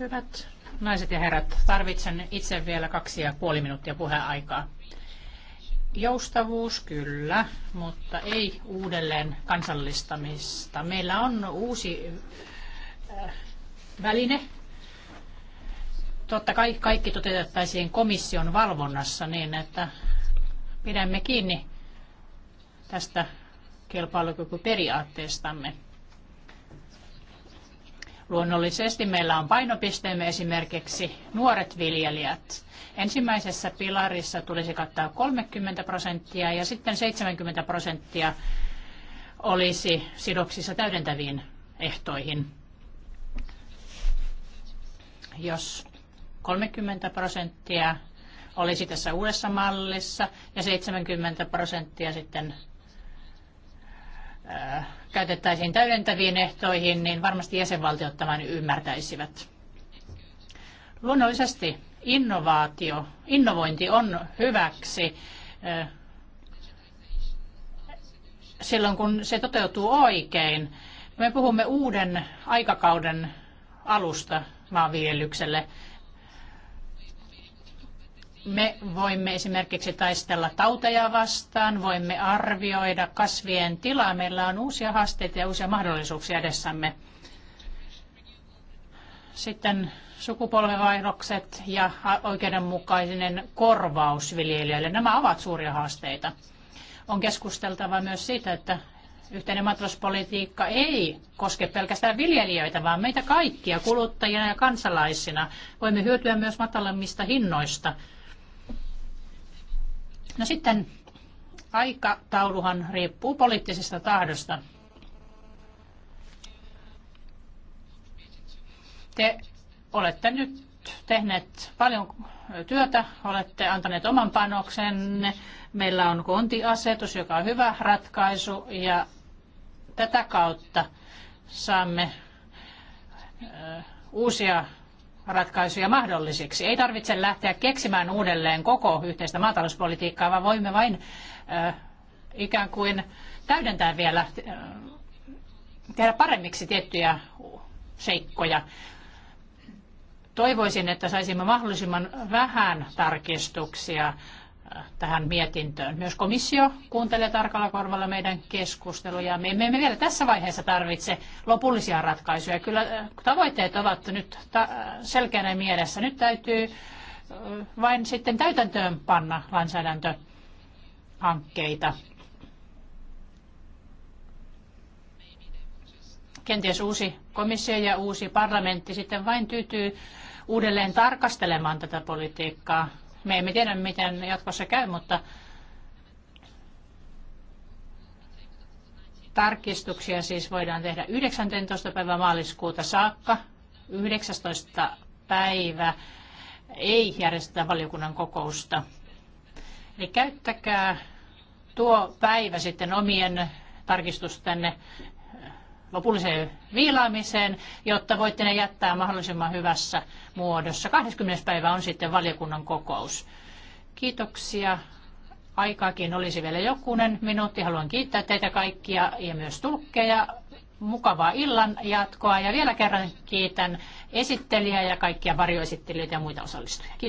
Hyvät naiset ja herrat, tarvitsen itse vielä kaksi ja puoli minuuttia puheaikaa. Joustavuus kyllä, mutta ei uudelleen kansallistamista. Meillä on uusi äh, väline. Totta kai kaikki toteutettaisiin komission valvonnassa niin, että pidämme kiinni tästä kilpailukykyperiaatteestamme. Luonnollisesti meillä on painopisteemme esimerkiksi nuoret viljelijät. Ensimmäisessä pilarissa tulisi kattaa 30 prosenttia ja sitten 70 prosenttia olisi sidoksissa täydentäviin ehtoihin. Jos 30 prosenttia olisi tässä uudessa mallissa ja 70 prosenttia sitten käytettäisiin täydentäviin ehtoihin, niin varmasti jäsenvaltiot tämän ymmärtäisivät. Luonnollisesti innovaatio, innovointi on hyväksi silloin, kun se toteutuu oikein. Me puhumme uuden aikakauden alusta maanviljelykselle. Me voimme esimerkiksi taistella tauteja vastaan, voimme arvioida kasvien tilaa. Meillä on uusia haasteita ja uusia mahdollisuuksia edessämme. Sitten sukupolvenvaihdokset ja oikeudenmukainen korvaus viljelijöille. Nämä ovat suuria haasteita. On keskusteltava myös siitä, että yhteinen maatalouspolitiikka ei koske pelkästään viljelijöitä, vaan meitä kaikkia kuluttajina ja kansalaisina. Voimme hyötyä myös matalammista hinnoista – No sitten aikatauluhan riippuu poliittisesta tahdosta. Te olette nyt tehneet paljon työtä, olette antaneet oman panoksenne. Meillä on kontiasetus, joka on hyvä ratkaisu ja tätä kautta saamme uusia ratkaisuja mahdollisiksi. Ei tarvitse lähteä keksimään uudelleen koko yhteistä maatalouspolitiikkaa, vaan voimme vain äh, ikään kuin täydentää vielä, äh, tehdä paremmiksi tiettyjä seikkoja. Toivoisin, että saisimme mahdollisimman vähän tarkistuksia tähän mietintöön. Myös komissio kuuntelee tarkalla korvalla meidän keskusteluja. Me emme vielä tässä vaiheessa tarvitse lopullisia ratkaisuja. Kyllä äh, tavoitteet ovat nyt äh, selkeänä mielessä. Nyt täytyy äh, vain sitten täytäntöön panna lainsäädäntöhankkeita. Kenties uusi komissio ja uusi parlamentti sitten vain tyytyy uudelleen tarkastelemaan tätä politiikkaa me emme tiedä, miten jatkossa käy, mutta tarkistuksia siis voidaan tehdä 19. päivä maaliskuuta saakka. 19. päivä ei järjestetä valiokunnan kokousta. Eli käyttäkää tuo päivä sitten omien tarkistustenne lopulliseen viilaamiseen, jotta voitte ne jättää mahdollisimman hyvässä muodossa. 20. päivä on sitten valiokunnan kokous. Kiitoksia. Aikaakin olisi vielä jokunen minuutti. Haluan kiittää teitä kaikkia ja myös tulkkeja. Mukavaa illan jatkoa ja vielä kerran kiitän esittelijää ja kaikkia varjoesittelijöitä ja muita osallistujia. Kiitos.